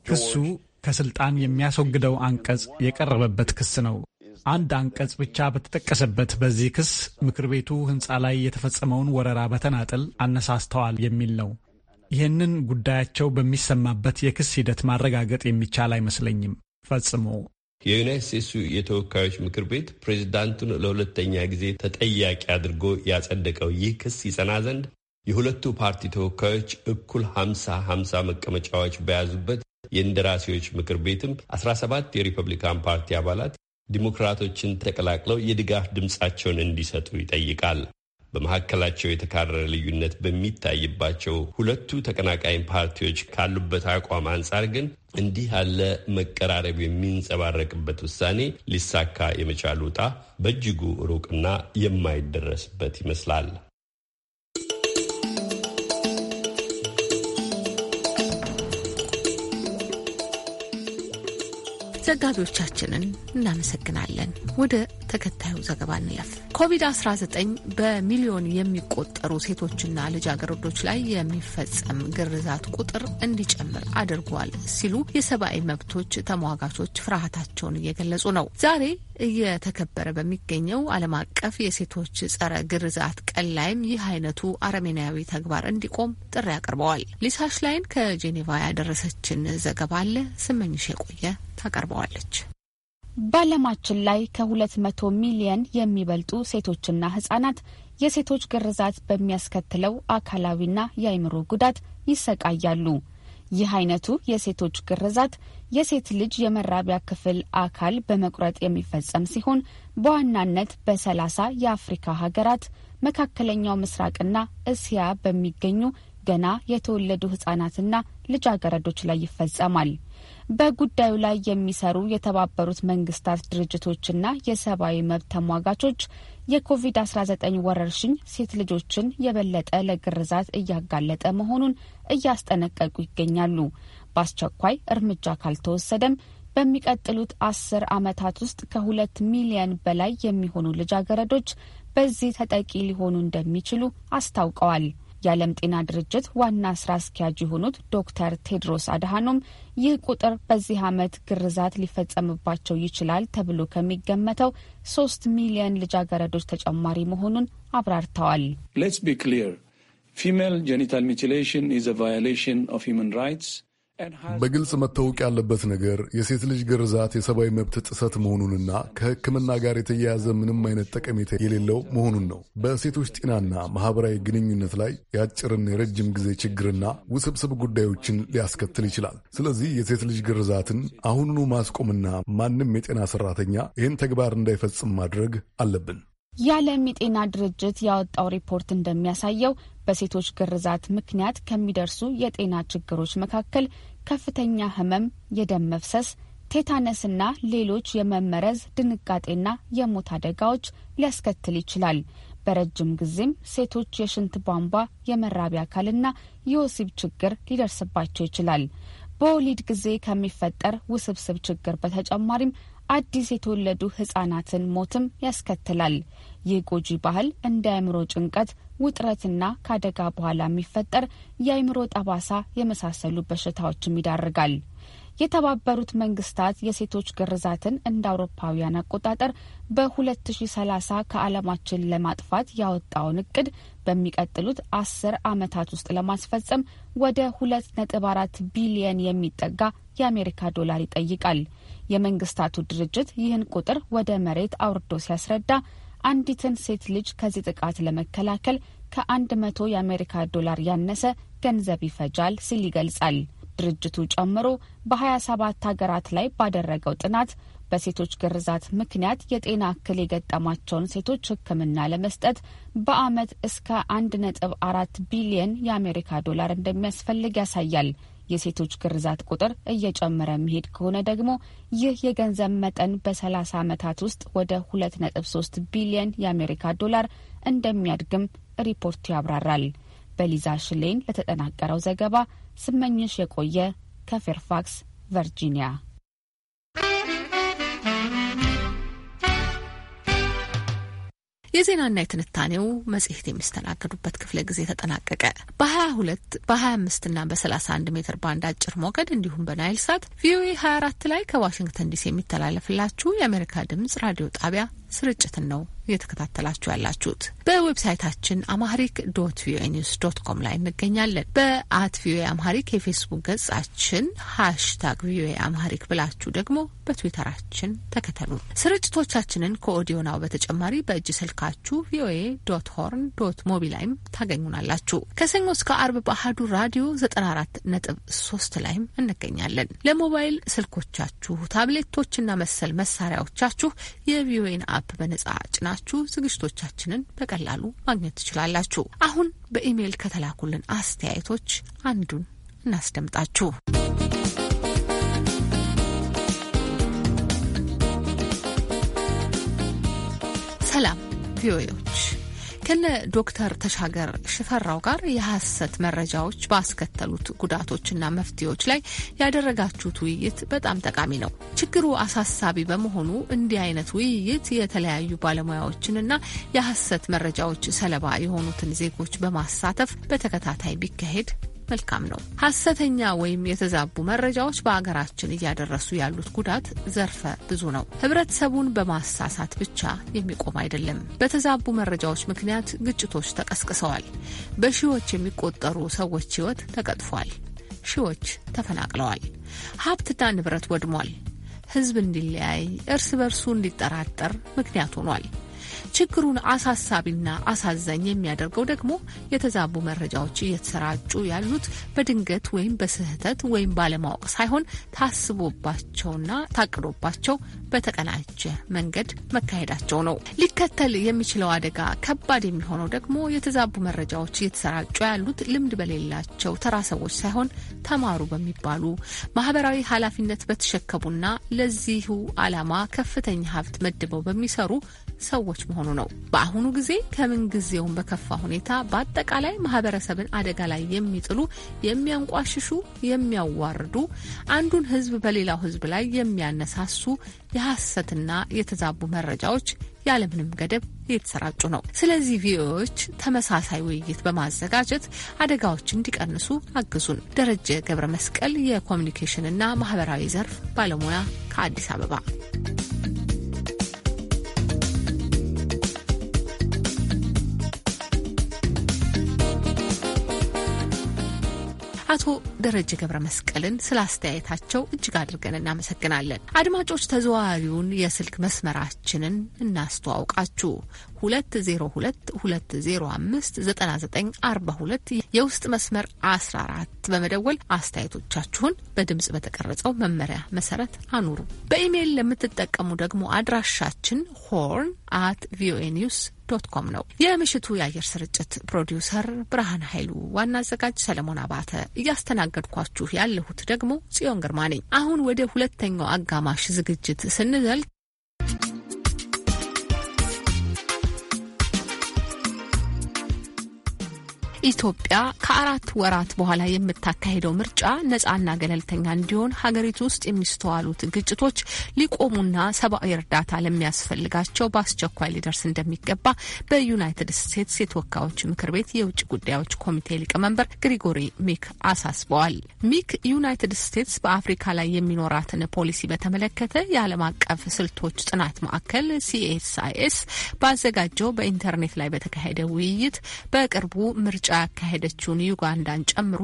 Speaker 5: ክሱ ከስልጣን የሚያስወግደው አንቀጽ የቀረበበት ክስ ነው። አንድ አንቀጽ ብቻ በተጠቀሰበት በዚህ ክስ ምክር ቤቱ ሕንፃ ላይ የተፈጸመውን ወረራ በተናጠል አነሳስተዋል የሚል ነው። ይህንን ጉዳያቸው በሚሰማበት የክስ ሂደት ማረጋገጥ የሚቻል አይመስለኝም። ፈጽሞ
Speaker 7: የዩናይት ስቴትሱ የተወካዮች ምክር ቤት ፕሬዚዳንቱን ለሁለተኛ ጊዜ ተጠያቂ አድርጎ ያጸደቀው ይህ ክስ ይጸና ዘንድ የሁለቱ ፓርቲ ተወካዮች እኩል 50 ሀምሳ መቀመጫዎች በያዙበት የእንደራሴዎች ምክር ቤትም 17 የሪፐብሊካን ፓርቲ አባላት ዲሞክራቶችን ተቀላቅለው የድጋፍ ድምፃቸውን እንዲሰጡ ይጠይቃል። በመካከላቸው የተካረረ ልዩነት በሚታይባቸው ሁለቱ ተቀናቃኝ ፓርቲዎች ካሉበት አቋም አንጻር ግን እንዲህ ያለ መቀራረብ የሚንጸባረቅበት ውሳኔ ሊሳካ የመቻሉ ውጣ በእጅጉ ሩቅና የማይደረስበት ይመስላል።
Speaker 1: ዘጋቢዎቻችንን እናመሰግናለን። ወደ ተከታዩ ዘገባ እንለፍ። ኮቪድ-19 በሚሊዮን የሚቆጠሩ ሴቶችና ልጃገረዶች ላይ የሚፈጸም ግርዛት ቁጥር እንዲጨምር አድርጓል ሲሉ የሰብአዊ መብቶች ተሟጋቾች ፍርሃታቸውን እየገለጹ ነው። ዛሬ እየተከበረ በሚገኘው ዓለም አቀፍ የሴቶች ጸረ ግርዛት ቀን ላይም ይህ አይነቱ አረመኔያዊ ተግባር እንዲቆም ጥሪ አቅርበዋል። ሊሳሽ ላይን ከጄኔቫ ያደረሰችን ዘገባ አለ ስመኝሽ የቆየ ታቀርበዋለች። በዓለማችን
Speaker 8: ላይ ከ200 ሚሊየን የሚበልጡ ሴቶችና ህጻናት የሴቶች ግርዛት በሚያስከትለው አካላዊና የአይምሮ ጉዳት ይሰቃያሉ። ይህ አይነቱ የሴቶች ግርዛት የሴት ልጅ የመራቢያ ክፍል አካል በመቁረጥ የሚፈጸም ሲሆን በዋናነት በሰላሳ የአፍሪካ ሀገራት መካከለኛው ምስራቅና እስያ በሚገኙ ገና የተወለዱ ህጻናትና ልጃገረዶች ላይ ይፈጸማል። በጉዳዩ ላይ የሚሰሩ የተባበሩት መንግስታት ድርጅቶችና የሰብአዊ መብት ተሟጋቾች የኮቪድ-19 ወረርሽኝ ሴት ልጆችን የበለጠ ለግርዛት እያጋለጠ መሆኑን እያስጠነቀቁ ይገኛሉ። በአስቸኳይ እርምጃ ካልተወሰደም በሚቀጥሉት አስር ዓመታት ውስጥ ከሁለት ሚሊየን በላይ የሚሆኑ ልጃገረዶች በዚህ ተጠቂ ሊሆኑ እንደሚችሉ አስታውቀዋል። የዓለም ጤና ድርጅት ዋና ስራ አስኪያጅ የሆኑት ዶክተር ቴድሮስ አድሃኖም ይህ ቁጥር በዚህ ዓመት ግርዛት ሊፈጸምባቸው ይችላል ተብሎ ከሚገመተው ሶስት ሚሊዮን ልጃገረዶች ተጨማሪ መሆኑን አብራርተዋል።
Speaker 5: ሌትስ ቢ ክሊር ፊሜል ጄኒታል ሚቲሌሽን ኢዝ ቫዮሌሽን ኦፍ ሂውማን ራይትስ
Speaker 9: በግልጽ መታወቅ ያለበት ነገር የሴት ልጅ ግርዛት የሰብአዊ መብት ጥሰት መሆኑንና ከሕክምና ጋር የተያያዘ ምንም አይነት ጠቀሜታ የሌለው መሆኑን ነው። በሴቶች ጤናና ማህበራዊ ግንኙነት ላይ የአጭርን የረጅም ጊዜ ችግርና ውስብስብ ጉዳዮችን ሊያስከትል ይችላል። ስለዚህ የሴት ልጅ ግርዛትን አሁኑኑ ማስቆምና ማንም የጤና ሰራተኛ ይህን ተግባር እንዳይፈጽም ማድረግ አለብን።
Speaker 8: የዓለም የጤና ድርጅት ያወጣው ሪፖርት እንደሚያሳየው በሴቶች ግርዛት ምክንያት ከሚደርሱ የጤና ችግሮች መካከል ከፍተኛ ህመም፣ የደም መፍሰስ፣ ቴታነስና ሌሎች የመመረዝ ድንጋጤና የሞት አደጋዎች ሊያስከትል ይችላል። በረጅም ጊዜም ሴቶች የሽንት ቧንቧ፣ የመራቢያ አካልና የወሲብ ችግር ሊደርስባቸው ይችላል። በወሊድ ጊዜ ከሚፈጠር ውስብስብ ችግር በተጨማሪም አዲስ የተወለዱ ህጻናትን ሞትም ያስከትላል። ይህ ጎጂ ባህል እንደ አእምሮ ጭንቀት፣ ውጥረትና ከአደጋ በኋላ የሚፈጠር የአእምሮ ጠባሳ የመሳሰሉ በሽታዎችም ይዳርጋል። የተባበሩት መንግስታት የሴቶች ግርዛትን እንደ አውሮፓውያን አቆጣጠር በ2030 ከዓለማችን ለማጥፋት ያወጣውን እቅድ በሚቀጥሉት አስር ዓመታት ውስጥ ለማስፈጸም ወደ 2.4 ቢሊየን የሚጠጋ የአሜሪካ ዶላር ይጠይቃል። የመንግስታቱ ድርጅት ይህን ቁጥር ወደ መሬት አውርዶ ሲያስረዳ አንዲትን ሴት ልጅ ከዚህ ጥቃት ለመከላከል ከአንድ መቶ የአሜሪካ ዶላር ያነሰ ገንዘብ ይፈጃል ሲል ይገልጻል። ድርጅቱ ጨምሮ በ27 ሀገራት ላይ ባደረገው ጥናት በሴቶች ግርዛት ምክንያት የጤና እክል የገጠማቸውን ሴቶች ሕክምና ለመስጠት በአመት እስከ 14 ቢሊየን የአሜሪካ ዶላር እንደሚያስፈልግ ያሳያል። የሴቶች ግርዛት ቁጥር እየጨመረ የሚሄድ ከሆነ ደግሞ ይህ የገንዘብ መጠን በ በ30 ዓመታት ውስጥ ወደ 23 ቢሊየን የአሜሪካ ዶላር እንደሚያድግም ሪፖርቱ ያብራራል። በሊዛ ሽሌን ለተጠናቀረው ዘገባ ስመኝሽ የቆየ ከፌርፋክስ
Speaker 1: ቨርጂኒያ የዜናና የትንታኔው መጽሔት የሚስተናገዱበት ክፍለ ጊዜ ተጠናቀቀ። በ22 25 እና በ31 ሜትር ባንድ አጭር ሞገድ እንዲሁም በናይል ሳት ቪኦኤ 24 ላይ ከዋሽንግተን ዲሲ የሚተላለፍላችሁ የአሜሪካ ድምጽ ራዲዮ ጣቢያ ስርጭትን ነው እየተከታተላችሁ ያላችሁት። በዌብሳይታችን አማሪክ ዶት ቪኦኤ ኒውስ ዶት ኮም ላይ እንገኛለን። በአት ቪኦኤ አማሪክ የፌስቡክ ገጻችን ሃሽታግ ቪኦኤ አማሪክ ብላችሁ ደግሞ በትዊተራችን ተከተሉ ስርጭቶቻችንን ከኦዲዮ ናው በተጨማሪ በእጅ ስልካችሁ ቪኦኤ ዶት ሆርን ዶት ሞቢ ላይም ታገኙናላችሁ። ከሰኞ እስከ አርብ በአህዱ ራዲዮ 94 ነጥብ ላይም እንገኛለን። ለሞባይል ስልኮቻችሁ ታብሌቶችና መሰል መሳሪያዎቻችሁ የቪኦኤን አፕ በነጻ ጭናችሁ ዝግጅቶቻችንን በቀላሉ ማግኘት ትችላላችሁ። አሁን በኢሜይል ከተላኩልን አስተያየቶች አንዱን እናስደምጣችሁ። ሰላም ቪኦኤዎች ከነ ዶክተር ተሻገር ሽፈራው ጋር የሐሰት መረጃዎች ባስከተሉት ጉዳቶችና መፍትሄዎች ላይ ያደረጋችሁት ውይይት በጣም ጠቃሚ ነው። ችግሩ አሳሳቢ በመሆኑ እንዲህ አይነት ውይይት የተለያዩ ባለሙያዎችንና የሐሰት መረጃዎች ሰለባ የሆኑትን ዜጎች በማሳተፍ በተከታታይ ቢካሄድ መልካም ነው። ሀሰተኛ ወይም የተዛቡ መረጃዎች በአገራችን እያደረሱ ያሉት ጉዳት ዘርፈ ብዙ ነው። ህብረተሰቡን በማሳሳት ብቻ የሚቆም አይደለም። በተዛቡ መረጃዎች ምክንያት ግጭቶች ተቀስቅሰዋል። በሺዎች የሚቆጠሩ ሰዎች ህይወት ተቀጥፏል። ሺዎች ተፈናቅለዋል። ሀብትና ንብረት ወድሟል። ህዝብ እንዲለያይ፣ እርስ በርሱ እንዲጠራጠር ምክንያት ሆኗል። ችግሩን አሳሳቢና አሳዛኝ የሚያደርገው ደግሞ የተዛቡ መረጃዎች እየተሰራጩ ያሉት በድንገት ወይም በስህተት ወይም ባለማወቅ ሳይሆን ታስቦባቸውና ታቅዶባቸው በተቀናጀ መንገድ መካሄዳቸው ነው። ሊከተል የሚችለው አደጋ ከባድ የሚሆነው ደግሞ የተዛቡ መረጃዎች እየተሰራጩ ያሉት ልምድ በሌላቸው ተራ ሰዎች ሳይሆን ተማሩ በሚባሉ ማህበራዊ ኃላፊነት በተሸከቡና ለዚሁ ዓላማ ከፍተኛ ሀብት መድበው በሚሰሩ ሰዎች መሆኑ ነው። በአሁኑ ጊዜ ከምን ጊዜውም በከፋ ሁኔታ በአጠቃላይ ማህበረሰብን አደጋ ላይ የሚጥሉ የሚያንቋሽሹ፣ የሚያዋርዱ፣ አንዱን ህዝብ በሌላው ህዝብ ላይ የሚያነሳሱ የሐሰትና የተዛቡ መረጃዎች ያለምንም ገደብ እየተሰራጩ ነው። ስለዚህ ቪኦኤዎች ተመሳሳይ ውይይት በማዘጋጀት አደጋዎች እንዲቀንሱ አግዙን። ደረጀ ገብረ መስቀል የኮሚኒኬሽንና ማህበራዊ ዘርፍ ባለሙያ ከአዲስ አበባ አቶ ደረጀ ገብረ መስቀልን ስለ አስተያየታቸው እጅግ አድርገን እናመሰግናለን። አድማጮች ተዘዋዋሪውን የስልክ መስመራችንን እናስተዋውቃችሁ 2022059942 የውስጥ መስመር 14 በመደወል አስተያየቶቻችሁን በድምጽ በተቀረጸው መመሪያ መሰረት አኑሩ። በኢሜይል ለምትጠቀሙ ደግሞ አድራሻችን ሆርን አት ቪኦኤ ኒውስ ዶት ኮም ነው። የምሽቱ የአየር ስርጭት ፕሮዲውሰር ብርሃን ኃይሉ፣ ዋና አዘጋጅ ሰለሞን አባተ፣ እያስተናገድኳችሁ ያለሁት ደግሞ ጽዮን ግርማ ነኝ። አሁን ወደ ሁለተኛው አጋማሽ ዝግጅት ስንዘልቅ ኢትዮጵያ ከአራት ወራት በኋላ የምታካሄደው ምርጫ ነጻና ገለልተኛ እንዲሆን ሀገሪቱ ውስጥ የሚስተዋሉት ግጭቶች ሊቆሙና ሰብአዊ እርዳታ ለሚያስፈልጋቸው በአስቸኳይ ሊደርስ እንደሚገባ በዩናይትድ ስቴትስ የተወካዮች ምክር ቤት የውጭ ጉዳዮች ኮሚቴ ሊቀመንበር ግሪጎሪ ሚክ አሳስበዋል። ሚክ ዩናይትድ ስቴትስ በአፍሪካ ላይ የሚኖራትን ፖሊሲ በተመለከተ የዓለም አቀፍ ስልቶች ጥናት ማዕከል ሲኤስአይኤስ ባዘጋጀው በኢንተርኔት ላይ በተካሄደ ውይይት በቅርቡ ምርጫ ያካሄደችውን ዩጋንዳን ጨምሮ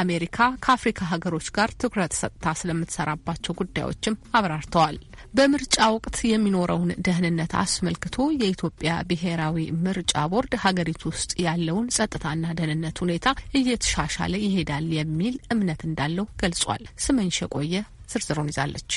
Speaker 1: አሜሪካ ከአፍሪካ ሀገሮች ጋር ትኩረት ሰጥታ ስለምትሰራባቸው ጉዳዮችም አብራርተዋል። በምርጫ ወቅት የሚኖረውን ደህንነት አስመልክቶ የኢትዮጵያ ብሔራዊ ምርጫ ቦርድ ሀገሪቱ ውስጥ ያለውን ጸጥታና ደህንነት ሁኔታ እየተሻሻለ ይሄዳል የሚል እምነት እንዳለው ገልጿል። ስመኝሽ የቆየ ዝርዝሩን ይዛለች።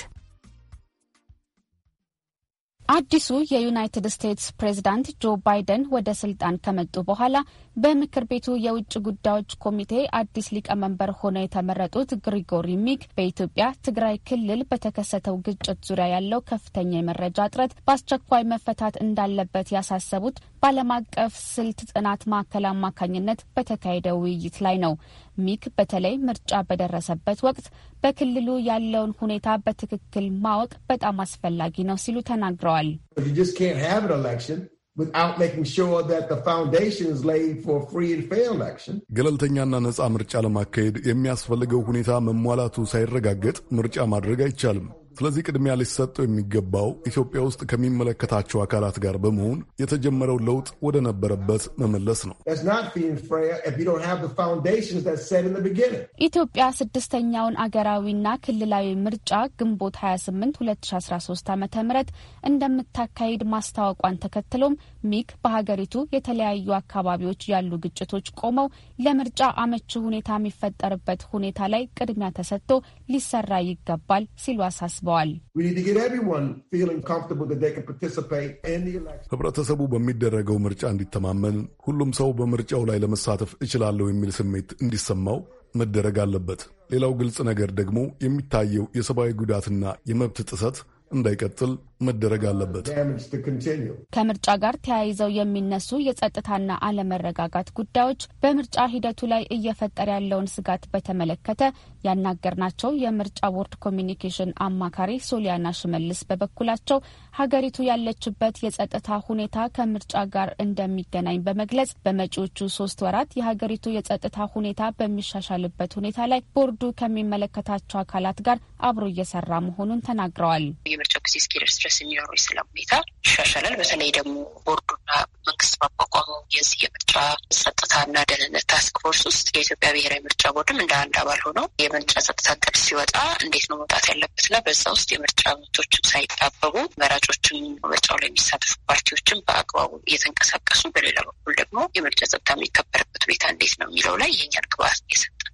Speaker 8: አዲሱ የዩናይትድ ስቴትስ ፕሬዝዳንት ጆ ባይደን ወደ ስልጣን ከመጡ በኋላ በምክር ቤቱ የውጭ ጉዳዮች ኮሚቴ አዲስ ሊቀመንበር ሆነው የተመረጡት ግሪጎሪ ሚክ በኢትዮጵያ ትግራይ ክልል በተከሰተው ግጭት ዙሪያ ያለው ከፍተኛ የመረጃ እጥረት በአስቸኳይ መፈታት እንዳለበት ያሳሰቡት በዓለም አቀፍ ስልት ጥናት ማዕከል አማካኝነት በተካሄደ ውይይት ላይ ነው። ሚክ በተለይ ምርጫ በደረሰበት ወቅት በክልሉ ያለውን ሁኔታ በትክክል ማወቅ በጣም አስፈላጊ ነው ሲሉ ተናግረዋል።
Speaker 5: without making sure that the foundation is laid for free and fair election.
Speaker 9: ገለልተኛና ነፃ ምርጫ ለማካሄድ የሚያስፈልገው ሁኔታ መሟላቱ ሳይረጋገጥ ምርጫ ማድረግ አይቻልም። ስለዚህ ቅድሚያ ሊሰጠው የሚገባው ኢትዮጵያ ውስጥ ከሚመለከታቸው አካላት ጋር በመሆን የተጀመረው ለውጥ ወደ ነበረበት መመለስ ነው።
Speaker 8: ኢትዮጵያ ስድስተኛውን አገራዊና ክልላዊ ምርጫ ግንቦት 28 2013 ዓ ም እንደምታካሂድ ማስታወቋን ተከትሎም ሚክ በሀገሪቱ የተለያዩ አካባቢዎች ያሉ ግጭቶች ቆመው ለምርጫ አመቺ ሁኔታ የሚፈጠርበት ሁኔታ ላይ ቅድሚያ ተሰጥቶ ሊሰራ ይገባል ሲሉ አሳስበዋል።
Speaker 9: አሳስበዋል። ህብረተሰቡ በሚደረገው ምርጫ እንዲተማመን፣ ሁሉም ሰው በምርጫው ላይ ለመሳተፍ እችላለሁ የሚል ስሜት እንዲሰማው መደረግ አለበት። ሌላው ግልጽ ነገር ደግሞ የሚታየው የሰብአዊ ጉዳትና የመብት ጥሰት እንዳይቀጥል መደረግ አለበት።
Speaker 8: ከምርጫ ጋር ተያይዘው የሚነሱ የጸጥታና አለመረጋጋት ጉዳዮች በምርጫ ሂደቱ ላይ እየፈጠረ ያለውን ስጋት በተመለከተ ያናገርናቸው የምርጫ ቦርድ ኮሚኒኬሽን አማካሪ ሶሊያና ሽመልስ በበኩላቸው ሀገሪቱ ያለችበት የጸጥታ ሁኔታ ከምርጫ ጋር እንደሚገናኝ በመግለጽ በመጪዎቹ ሶስት ወራት የሀገሪቱ የጸጥታ ሁኔታ በሚሻሻልበት ሁኔታ ላይ ቦርዱ ከሚመለከታቸው አካላት ጋር አብሮ እየሰራ መሆኑን ተናግረዋል።
Speaker 10: የምርጫው ጊዜ እስኪደርስ ድረስ የሚኖሩ የሰላም ሁኔታ ይሻሻላል። በተለይ ደግሞ ቦርዱና መንግስት ባቋቋመው የዚህ የምርጫ ጸጥታና ደህንነት ታስክ ፎርስ ውስጥ የኢትዮጵያ ብሔራዊ ምርጫ ቦርድም እንደ አንድ አባል ሆነው የምርጫ ጸጥታ ቅድ ሲወጣ እንዴት ነው መውጣት ያለበትና በዛ ውስጥ የምርጫ ምቶችም ሳይጣበቡ መራጮችም ምርጫው ላይ የሚሳተፉ ፓርቲዎችም በአግባቡ እየተንቀሳቀሱ፣ በሌላ በኩል ደግሞ የምርጫ ጸጥታ የሚከበርበት ሁኔታ እንዴት ነው የሚለው ላይ የኛን ግብአት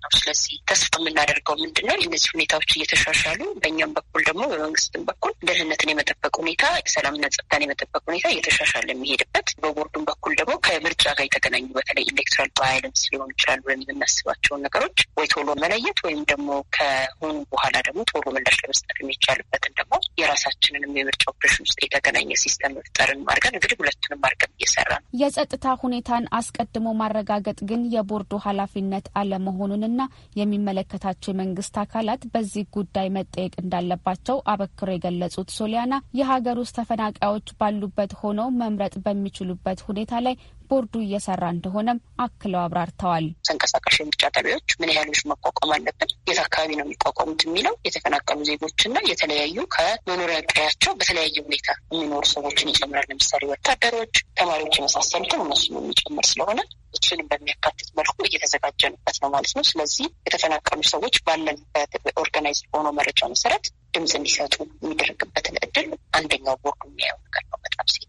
Speaker 10: ነው። ስለዚህ ተስፋ የምናደርገው ምንድን ነው እነዚህ ሁኔታዎች እየተሻሻሉ በእኛም በኩል ደግሞ በመንግስትም በኩል ደህንነትን የመጠበቅ ሁኔታ፣ ሰላምና ጸጥታን የመጠበቅ ሁኔታ እየተሻሻለ የሚሄድበት በቦርዱም በኩል ደግሞ ከምርጫ ጋር የተገናኙ በተለይ ኤሌክትራል ቫይለንስ ሊሆን ይችላሉ የምናስባቸውን ነገሮች ወይ ቶሎ መለየት ወይም ደግሞ ከሆኑ በኋላ ደግሞ ቶሎ ምላሽ ለመስጠት የሚቻልበትን ደግሞ የራሳችንንም የምርጫ ኦፕሬሽን ውስጥ የተገናኘ ሲስተም መፍጠርን አድርገን እንግዲህ ሁለቱንም
Speaker 8: አድርገን እየሰራ ነው። የጸጥታ ሁኔታን አስቀድሞ ማረጋገጥ ግን የቦርዱ ኃላፊነት አለመሆኑንና እና የሚመለከታቸው የመንግስት አካላት በዚህ ጉዳይ መጠየቅ እንዳለባቸው አበክሮ የገለጹት ሶሊያና የሀገር ውስጥ ተፈናቃዮች ባሉበት ሆነው መምረጥ በሚችሉበት ሁኔታ ላይ ቦርዱ እየሰራ እንደሆነም አክለው አብራርተዋል። ተንቀሳቃሽ የምርጫ ጣቢያዎች ምን ያህሎች መቋቋም አለብን፣ የት አካባቢ ነው የሚቋቋሙት የሚለው የተፈናቀሉ
Speaker 10: ዜጎችና የተለያዩ ከመኖሪያ ቀያቸው በተለያየ ሁኔታ የሚኖሩ ሰዎችን ይጨምራል። ለምሳሌ ወታደሮች፣ ተማሪዎች የመሳሰሉትን እነሱ የሚጨምር ስለሆነ እሱንም በሚያካትት መልኩ እየተዘጋጀንበት ነው ማለት ነው። ስለዚህ የተፈናቀሉ ሰዎች ባለንበት ኦርጋናይዝ በሆነው መረጃ መሰረት ድምፅ እንዲሰጡ የሚደረግበትን እድል አንደኛው ቦርዱ የሚያየው ነገር ነው። በጣም
Speaker 8: ሴት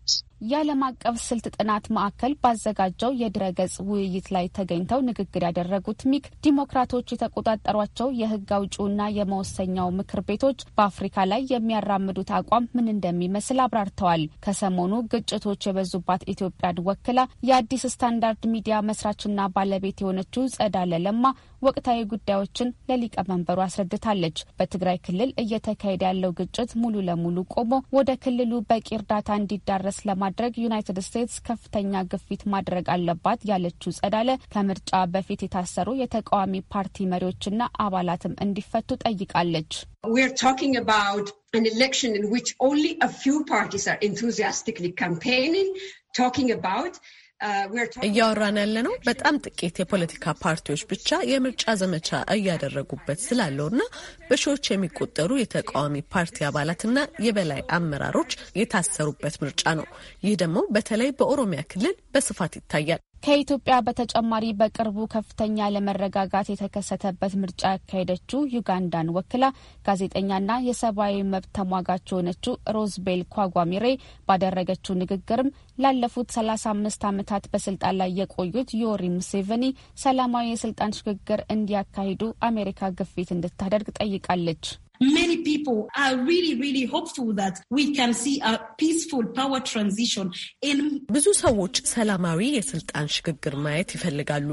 Speaker 8: የዓለም አቀፍ ስልት ጥናት ማዕከል ባዘጋጀው የድረገጽ ውይይት ላይ ተገኝተው ንግግር ያደረጉት ሚክ ዲሞክራቶች የተቆጣጠሯቸው የህግ አውጪውና የመወሰኛው ምክር ቤቶች በአፍሪካ ላይ የሚያራምዱት አቋም ምን እንደሚመስል አብራርተዋል። ከሰሞኑ ግጭቶች የበዙባት ኢትዮጵያን ወክላ የአዲስ ስታንዳርድ ሚዲያ መስራችና ባለቤት የሆነችው ጸዳለ ለማ ወቅታዊ ጉዳዮችን ለሊቀመንበሩ አስረድታለች። በትግራይ ክልል እየተካሄደ ያለው ግጭት ሙሉ ለሙሉ ቆሞ ወደ ክልሉ በቂ እርዳታ እንዲዳረስ ለማድረግ ዩናይትድ ስቴትስ ከፍተኛ ግፊት ማድረግ አለባት ያለችው ጸዳለ ከምርጫ በፊት የታሰሩ የተቃዋሚ ፓርቲ መሪዎችና አባላትም እንዲፈቱ ጠይቃለች።
Speaker 10: እያወራን ያለነው በጣም ጥቂት የፖለቲካ
Speaker 11: ፓርቲዎች ብቻ የምርጫ ዘመቻ እያደረጉበት ስላለውና በሺዎች የሚቆጠሩ የተቃዋሚ ፓርቲ አባላትና የበላይ አመራሮች የታሰሩበት ምርጫ ነው። ይህ ደግሞ በተለይ በኦሮሚያ ክልል በስፋት ይታያል። ከኢትዮጵያ በተጨማሪ በቅርቡ
Speaker 8: ከፍተኛ ለመረጋጋት የተከሰተበት ምርጫ ያካሄደችው ዩጋንዳን ወክላ ጋዜጠኛና የሰብአዊ መብት ተሟጋች የሆነችው ሮዝቤል ኳጓሚሬ ባደረገችው ንግግርም ላለፉት ሰላሳ አምስት ዓመታት በስልጣን ላይ የቆዩት ዮሪ ሙሴቨኒ ሰላማዊ የስልጣን ሽግግር እንዲያካሂዱ አሜሪካ ግፊት እንድታደርግ ጠይቃለች።
Speaker 10: Many people are really, really hopeful that we can see a peaceful power
Speaker 11: transition in ብዙ ሰዎች ሰላማዊ የስልጣን ሽግግር ማየት ይፈልጋሉ።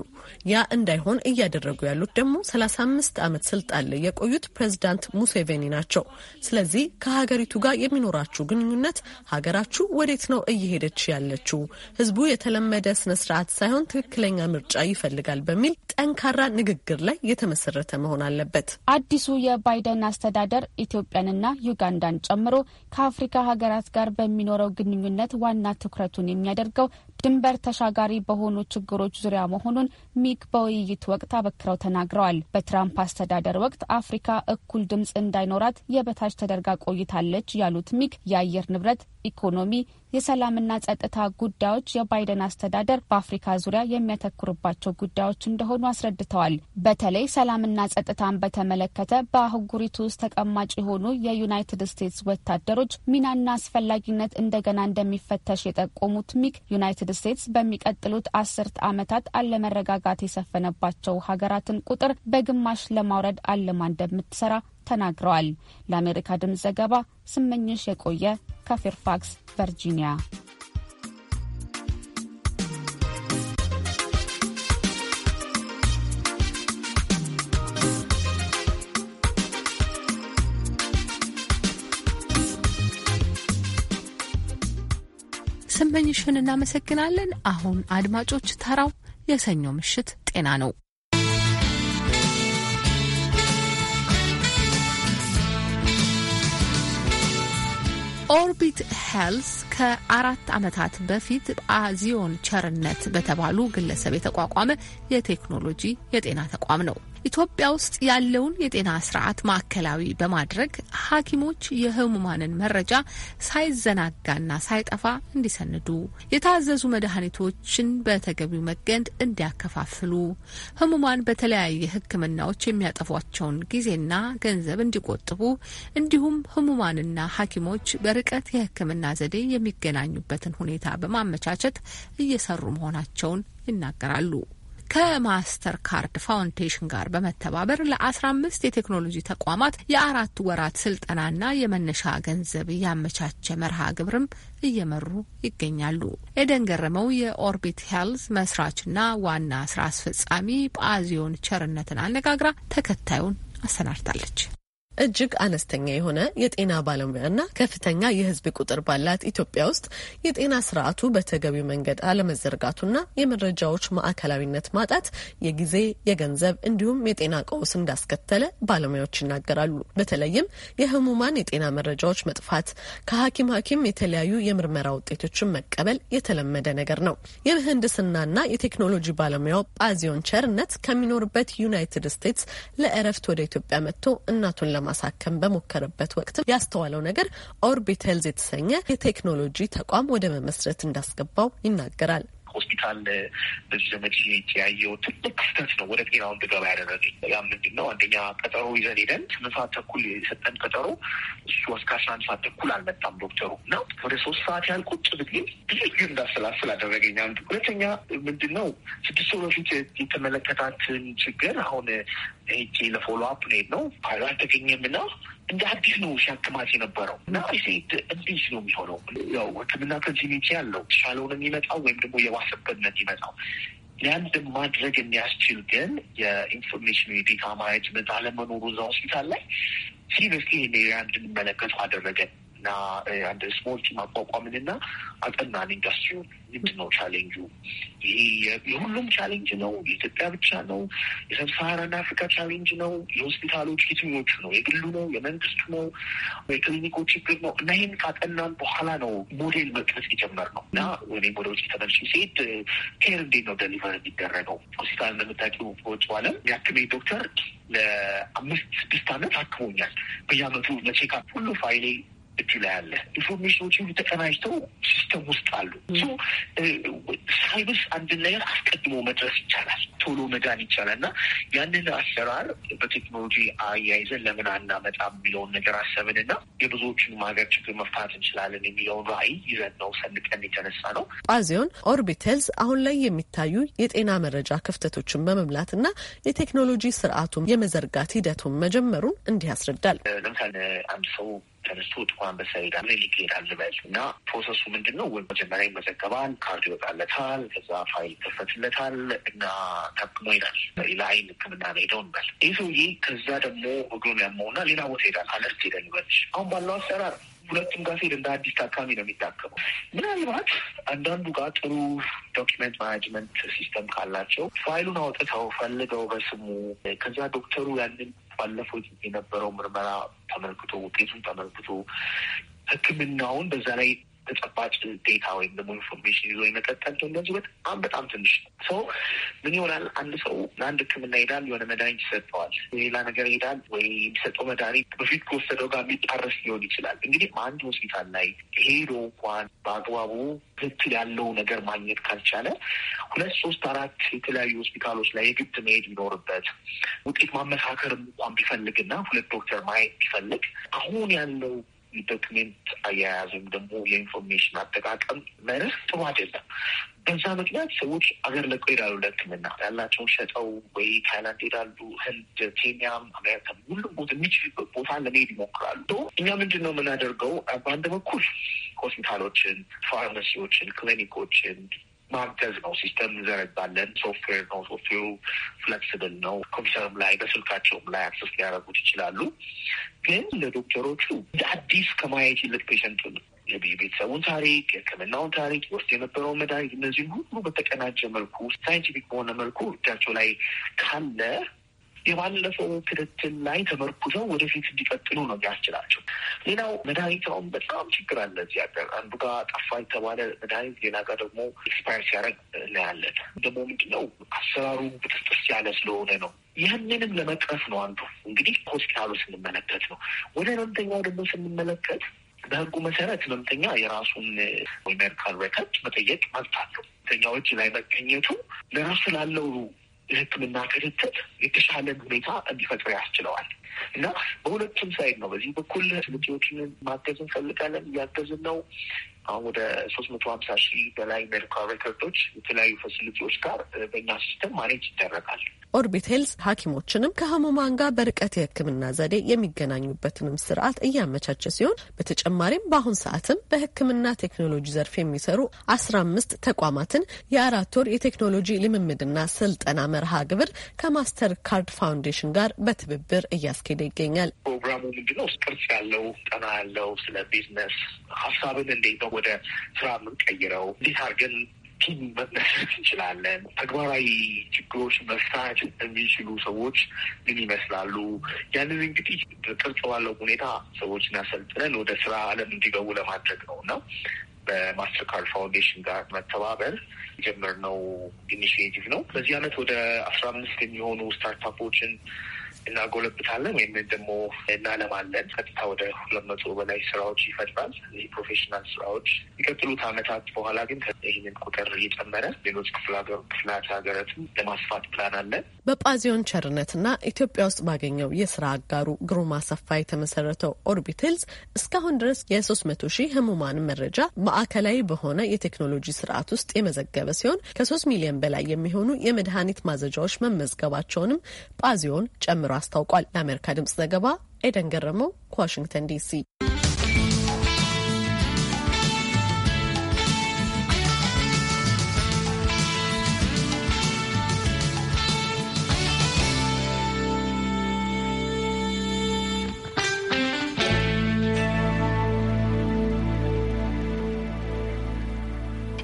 Speaker 11: ያ እንዳይሆን እያደረጉ ያሉት ደግሞ ሰላሳ አምስት ዓመት ስልጣን ላይ የቆዩት ፕሬዚዳንት ሙሴቬኒ ናቸው። ስለዚህ ከሀገሪቱ ጋር የሚኖራችሁ ግንኙነት ሀገራችሁ ወዴት ነው እየሄደች ያለችው? ህዝቡ የተለመደ ስነ ስርዓት ሳይሆን ትክክለኛ ምርጫ ይፈልጋል በሚል ጠንካራ ንግግር ላይ የተመሰረተ መሆን አለበት። አዲሱ የባይደን አስተዳደር አስተዳደር
Speaker 8: ኢትዮጵያንና ዩጋንዳን ጨምሮ ከአፍሪካ ሀገራት ጋር በሚኖረው ግንኙነት ዋና ትኩረቱን የሚያደርገው ድንበር ተሻጋሪ በሆኑ ችግሮች ዙሪያ መሆኑን ሚግ በውይይት ወቅት አበክረው ተናግረዋል። በትራምፕ አስተዳደር ወቅት አፍሪካ እኩል ድምፅ እንዳይኖራት የበታች ተደርጋ ቆይታለች ያሉት ሚግ የአየር ንብረት ኢኮኖሚ፣ የሰላምና ጸጥታ ጉዳዮች የባይደን አስተዳደር በአፍሪካ ዙሪያ የሚያተኩርባቸው ጉዳዮች እንደሆኑ አስረድተዋል። በተለይ ሰላምና ጸጥታን በተመለከተ በአህጉሪቱ ውስጥ ተቀማጭ የሆኑ የዩናይትድ ስቴትስ ወታደሮች ሚናና አስፈላጊነት እንደገና እንደሚፈተሽ የጠቆሙት ሚክ ዩናይትድ ስቴትስ በሚቀጥሉት አስርት ዓመታት አለመረጋጋት የሰፈነባቸው ሀገራትን ቁጥር በግማሽ ለማውረድ አለማ እንደምትሰራ ተናግረዋል። ለአሜሪካ ድምጽ ዘገባ ስመኝሽ የቆየ ከፌርፋክስ ቨርጂኒያ።
Speaker 1: ስመኝሽን እናመሰግናለን። አሁን አድማጮች ተራው የሰኞ ምሽት ጤና ነው። ኦርቢት ሄልስ ከአራት ዓመታት በፊት አዚዮን ቸርነት በተባሉ ግለሰብ የተቋቋመ የቴክኖሎጂ የጤና ተቋም ነው። ኢትዮጵያ ውስጥ ያለውን የጤና ስርዓት ማዕከላዊ በማድረግ ሐኪሞች የህሙማንን መረጃ ሳይዘናጋና ሳይጠፋ እንዲሰንዱ፣ የታዘዙ መድኃኒቶችን በተገቢው መገንድ እንዲያከፋፍሉ፣ ህሙማን በተለያየ ህክምናዎች የሚያጠፏቸውን ጊዜና ገንዘብ እንዲቆጥቡ፣ እንዲሁም ህሙማንና ሐኪሞች በርቀት የህክምና ዘዴ የሚገናኙበትን ሁኔታ በማመቻቸት እየሰሩ መሆናቸውን ይናገራሉ። ከማስተር ካርድ ፋውንዴሽን ጋር በመተባበር ለ15 የቴክኖሎጂ ተቋማት የአራት ወራት ስልጠናና የመነሻ ገንዘብ ያመቻቸ መርሃ ግብርም እየመሩ ይገኛሉ። ኤደን ገረመው የኦርቢት ሄልዝ መስራችና ዋና ስራ አስፈጻሚ ጳዚዮን ቸርነትን አነጋግራ ተከታዩን አሰናድታለች። እጅግ
Speaker 11: አነስተኛ የሆነ የጤና ባለሙያና ከፍተኛ የሕዝብ ቁጥር ባላት ኢትዮጵያ ውስጥ የጤና ስርዓቱ በተገቢው መንገድ አለመዘርጋቱና የመረጃዎች ማዕከላዊነት ማጣት የጊዜ፣ የገንዘብ እንዲሁም የጤና ቀውስ እንዳስከተለ ባለሙያዎች ይናገራሉ። በተለይም የህሙማን የጤና መረጃዎች መጥፋት፣ ከሐኪም ሐኪም የተለያዩ የምርመራ ውጤቶችን መቀበል የተለመደ ነገር ነው። የምህንድስናና የቴክኖሎጂ ባለሙያው ጳዚዮን ቸርነት ከሚኖርበት ዩናይትድ ስቴትስ ለእረፍት ወደ ኢትዮጵያ መጥቶ እናቱን ለማሳከም በሞከረበት ወቅት ያስተዋለው ነገር ኦርቢተልዝ የተሰኘ የቴክኖሎጂ ተቋም ወደ መመስረት እንዳስገባው ይናገራል።
Speaker 12: ሆስፒታል በዚህ ዘመድ ያየው ትልቅ ክስተት ነው ወደ ጤናው እንድገባ ያደረገኝ። ያ ምንድን ነው? አንደኛ ቀጠሮ ይዘን ሄደን ስምንት ሰዓት ተኩል የሰጠን ቀጠሮ እሱ እስከ አስራ አንድ ሰዓት ተኩል አልመጣም ዶክተሩ እና ወደ ሶስት ሰዓት ያህል ቁጭ ብትል ብዙ ጊዜ እንዳስላስል አደረገኛ። ሁለተኛ ምንድን ነው ስድስት ወር በፊት የተመለከታትን ችግር አሁን ሄጄ ለፎሎ አፕ ነው ነው አልተገኘም እና እንደ አዲስ ነው ሲያክማት የነበረው እና ሴት እንዲስ ነው የሚሆነው? ያው ህክምና ከዚኒቲ ያለው ሻለውን የሚመጣው ወይም ደግሞ የባሰበት ነው የሚመጣው። ያንድ ማድረግ የሚያስችል ግን የኢንፎርሜሽን የዴታ ማኔጅመንት አለመኖሩ እዛ ሆስፒታል ላይ ሲሪየስሊ ይሄን እንድንመለከቱ አደረገን። እና አንድ ስሞል ቲም አቋቋምን እና አጠናን ኢንዱስትሪውን። ምንድን ነው ቻሌንጁ? ይሄ የሁሉም ቻሌንጅ ነው? የኢትዮጵያ ብቻ ነው? የሰብሳሃራን አፍሪካ ቻሌንጅ ነው? የሆስፒታሎች የትኞቹ ነው? የግሉ ነው? የመንግስቱ ነው? የክሊኒኮች ችግር ነው? እና ይህን ካጠናን በኋላ ነው ሞዴል መቅረጽ ነው። እና ወይም ወደ ውጭ ተመልሼ ስሄድ ኬር እንዴት ነው ደሊቨር የሚደረገው? ሆስፒታል እንደምታውቂው በውጭ ዓለም የሐኪሜ ዶክተር ለአምስት ስድስት አመት አክሞኛል። በየአመቱ ለቼካፕ ሁሉ ፋይሌ እቲ ላይ አለ ኢንፎርሜሽኖች ሁሉ ተቀናጅተው ሲስተም ውስጥ አሉ። ሳይበስ አንድን ነገር አስቀድሞ መድረስ ይቻላል፣ ቶሎ መዳን ይቻላል እና ያንን አሰራር በቴክኖሎጂ አያይዘን ለምን አናመጣ የሚለውን ነገር አሰብን እና የብዙዎችን ሀገር ችግር መፍታት እንችላለን የሚለውን ራዕይ ይዘን ነው ሰንቀን የተነሳ ነው።
Speaker 11: ጳዚዮን ኦርቢተልስ አሁን ላይ የሚታዩ የጤና መረጃ ክፍተቶችን በመምላት እና የቴክኖሎጂ ስርዓቱን የመዘርጋት ሂደቱን መጀመሩን እንዲህ ያስረዳል።
Speaker 12: ለምሳሌ አንድ ሰው ተነስቶ ጥቁር አንበሳ ላይ ክሊኒክ ልበል እና ፕሮሰሱ ምንድን ነው? መጀመሪያ ይመዘገባል፣ ካርድ ይወጣለታል፣ ከዛ ፋይል ይከፈትለታል እና ታክሞ ይሄዳል። ለአይን ሕክምና ነው ሄደው እንበል። ይህ ሰውዬ ከዛ ደግሞ እግሩን ያመውና ሌላ ቦታ ይሄዳል፣ አለርት ይሄዳል ልበል። አሁን ባለው አሰራር ሁለቱም ጋር ሲሄድ እንደ አዲስ ታካሚ ነው የሚታከመው። ምናልባት አንዳንዱ ጋር ጥሩ ዶኪመንት ማናጅመንት ሲስተም ካላቸው ፋይሉን አውጥተው ፈልገው በስሙ ከዛ ዶክተሩ ያንን ባለፈው የነበረው ምርመራ ተመልክቶ ውጤቱን ተመልክቶ ሕክምናውን በዛ ላይ ተጨባጭ ዴታ ወይም ደግሞ ኢንፎርሜሽን ይዞ የመቀጠል እንደዚህ በጣም በጣም ትንሽ ነው። ሰው ምን ይሆናል? አንድ ሰው ለአንድ ሕክምና ይሄዳል፣ የሆነ መድኃኒት ይሰጠዋል፣ ሌላ ነገር ይሄዳል። ወይ የሚሰጠው መድኃኒት በፊት ከወሰደው ጋር የሚጣረስ ሊሆን ይችላል። እንግዲህ አንድ ሆስፒታል ላይ ሄዶ እንኳን በአግባቡ ትክክል ያለው ነገር ማግኘት ካልቻለ ሁለት ሶስት አራት የተለያዩ ሆስፒታሎች ላይ የግድ መሄድ ይኖርበት ውጤት ማመሳከርም እንኳን ቢፈልግና ሁለት ዶክተር ማየት ቢፈልግ አሁን ያለው የዶክሜንት አያያዝም ደግሞ የኢንፎርሜሽን አጠቃቀም መርህ ጥሩ አይደለም። በዛ ምክንያት ሰዎች አገር ለቆ ይሄዳሉ ለሕክምና ያላቸውን ሸጠው ወይ ታይላንድ ይሄዳሉ፣ ህንድ፣ ኬንያም፣ አሜሪካ ሁሉም ቦታ የሚችል ቦታ ለመሄድ ይሞክራሉ። እኛ ምንድን ነው የምናደርገው? በአንድ በኩል ሆስፒታሎችን፣ ፋርማሲዎችን፣ ክሊኒኮችን ማገዝ ነው። ሲስተም እንዘረጋለን። ሶፍትዌር ነው። ሶፍትዌሩ ፍለክስብል ነው። ኮምፒውተርም ላይ በስልካቸውም ላይ አክሰስ ሊያደርጉት ይችላሉ። ግን ለዶክተሮቹ እንደ አዲስ ከማየት ይልቅ ፔሸንት የቤተሰቡን ታሪክ፣ የሕክምናውን ታሪክ፣ ወስድ የነበረውን መድኃኒት፣ እነዚህም ሁሉ በተቀናጀ መልኩ ሳይንቲፊክ በሆነ መልኩ እጃቸው ላይ ካለ የባለፈው ክትትል ላይ ተመርኩዘው ወደፊት እንዲቀጥሉ ነው ያስችላቸው። ሌላው መድኃኒት አሁን በጣም ችግር አለ እዚህ ሀገር። አንዱ ጋር ጠፋ የተባለ መድኃኒት ሌላ ጋር ደግሞ ኤክስፓየር ሲያደርግ እናያለን። ደግሞ ምንድነው አሰራሩ ብጥስጥስ ያለ ስለሆነ ነው። ይህንንም ለመቅረፍ ነው አንዱ እንግዲህ ሆስፒታሉ ስንመለከት ነው። ወደ ህመምተኛው ደግሞ ስንመለከት በህጉ መሰረት ህመምተኛ የራሱን ሜዲካል ሬከርድ መጠየቅ መብት አለው። ህመምተኛዎች ላይ መገኘቱ ለራሱ ላለው የሕክምና ክትትል የተሻለን ሁኔታ እንዲፈጥር ያስችለዋል እና በሁለቱም ሳይድ ነው። በዚህ በኩል ልጆችን ማገዝ እንፈልጋለን፣ እያገዝን ነው። አሁን ወደ ሶስት መቶ ሀምሳ ሺህ በላይ ሜዲካል ሬከርዶች የተለያዩ ፋሲሊቲዎች ጋር በእኛ ሲስተም ማኔጅ ይደረጋል።
Speaker 11: ኦርቢት ሄልስ ሐኪሞችንም ከህሙማን ጋር በርቀት የህክምና ዘዴ የሚገናኙበትንም ስርዓት እያመቻቸ ሲሆን በተጨማሪም በአሁን ሰዓትም በህክምና ቴክኖሎጂ ዘርፍ የሚሰሩ አስራ አምስት ተቋማትን የአራት ወር የቴክኖሎጂ ልምምድና ስልጠና መርሃ ግብር ከማስተር ካርድ ፋውንዴሽን ጋር በትብብር እያስኬደ ይገኛል።
Speaker 12: ፕሮግራሙ ምንድነው? ውስጥ ቅርጽ ያለው ጠና ያለው ስለ ቢዝነስ ሀሳብን እንዴት ነው ወደ ስራ የምንቀይረው እንዴት አድርገን ቲም መመስረት እንችላለን። ተግባራዊ ችግሮች መፍታት የሚችሉ ሰዎች ምን ይመስላሉ? ያንን እንግዲህ ቅርጽ ባለው ሁኔታ ሰዎችን አሰልጥነን ወደ ስራ አለም እንዲገቡ ለማድረግ ነው እና በማስተርካርድ ፋውንዴሽን ጋር መተባበር የጀመርነው ኢኒሽቲቭ ነው። በዚህ አመት ወደ አስራ አምስት የሚሆኑ ስታርታፖችን እናጎለብታለን ወይም ደግሞ እናለማለን። ቀጥታ ወደ ሁለት መቶ በላይ ስራዎች ይፈጥራል። እዚህ ፕሮፌሽናል ስራዎች የቀጥሉት አመታት በኋላ ግን ይህንን ቁጥር እየጨመረ ሌሎች ክፍላት ሀገራትን ለማስፋት ፕላን አለን።
Speaker 11: በጳዚዮን ቸርነትና ኢትዮጵያ ውስጥ ባገኘው የስራ አጋሩ ግሩማ ሰፋ የተመሰረተው ኦርቢትልስ እስካሁን ድረስ የሶስት መቶ ሺህ ህሙማን መረጃ ማዕከላዊ በሆነ የቴክኖሎጂ ስርዓት ውስጥ የመዘገበ ሲሆን ከሶስት ሚሊዮን በላይ የሚሆኑ የመድኃኒት ማዘጃዎች መመዝገባቸውንም ጳዚዮን ጨምሯል። እንደሚኖር አስታውቋል። ለአሜሪካ ድምጽ ዘገባ ኤደን ገረመው ከዋሽንግተን ዲሲ።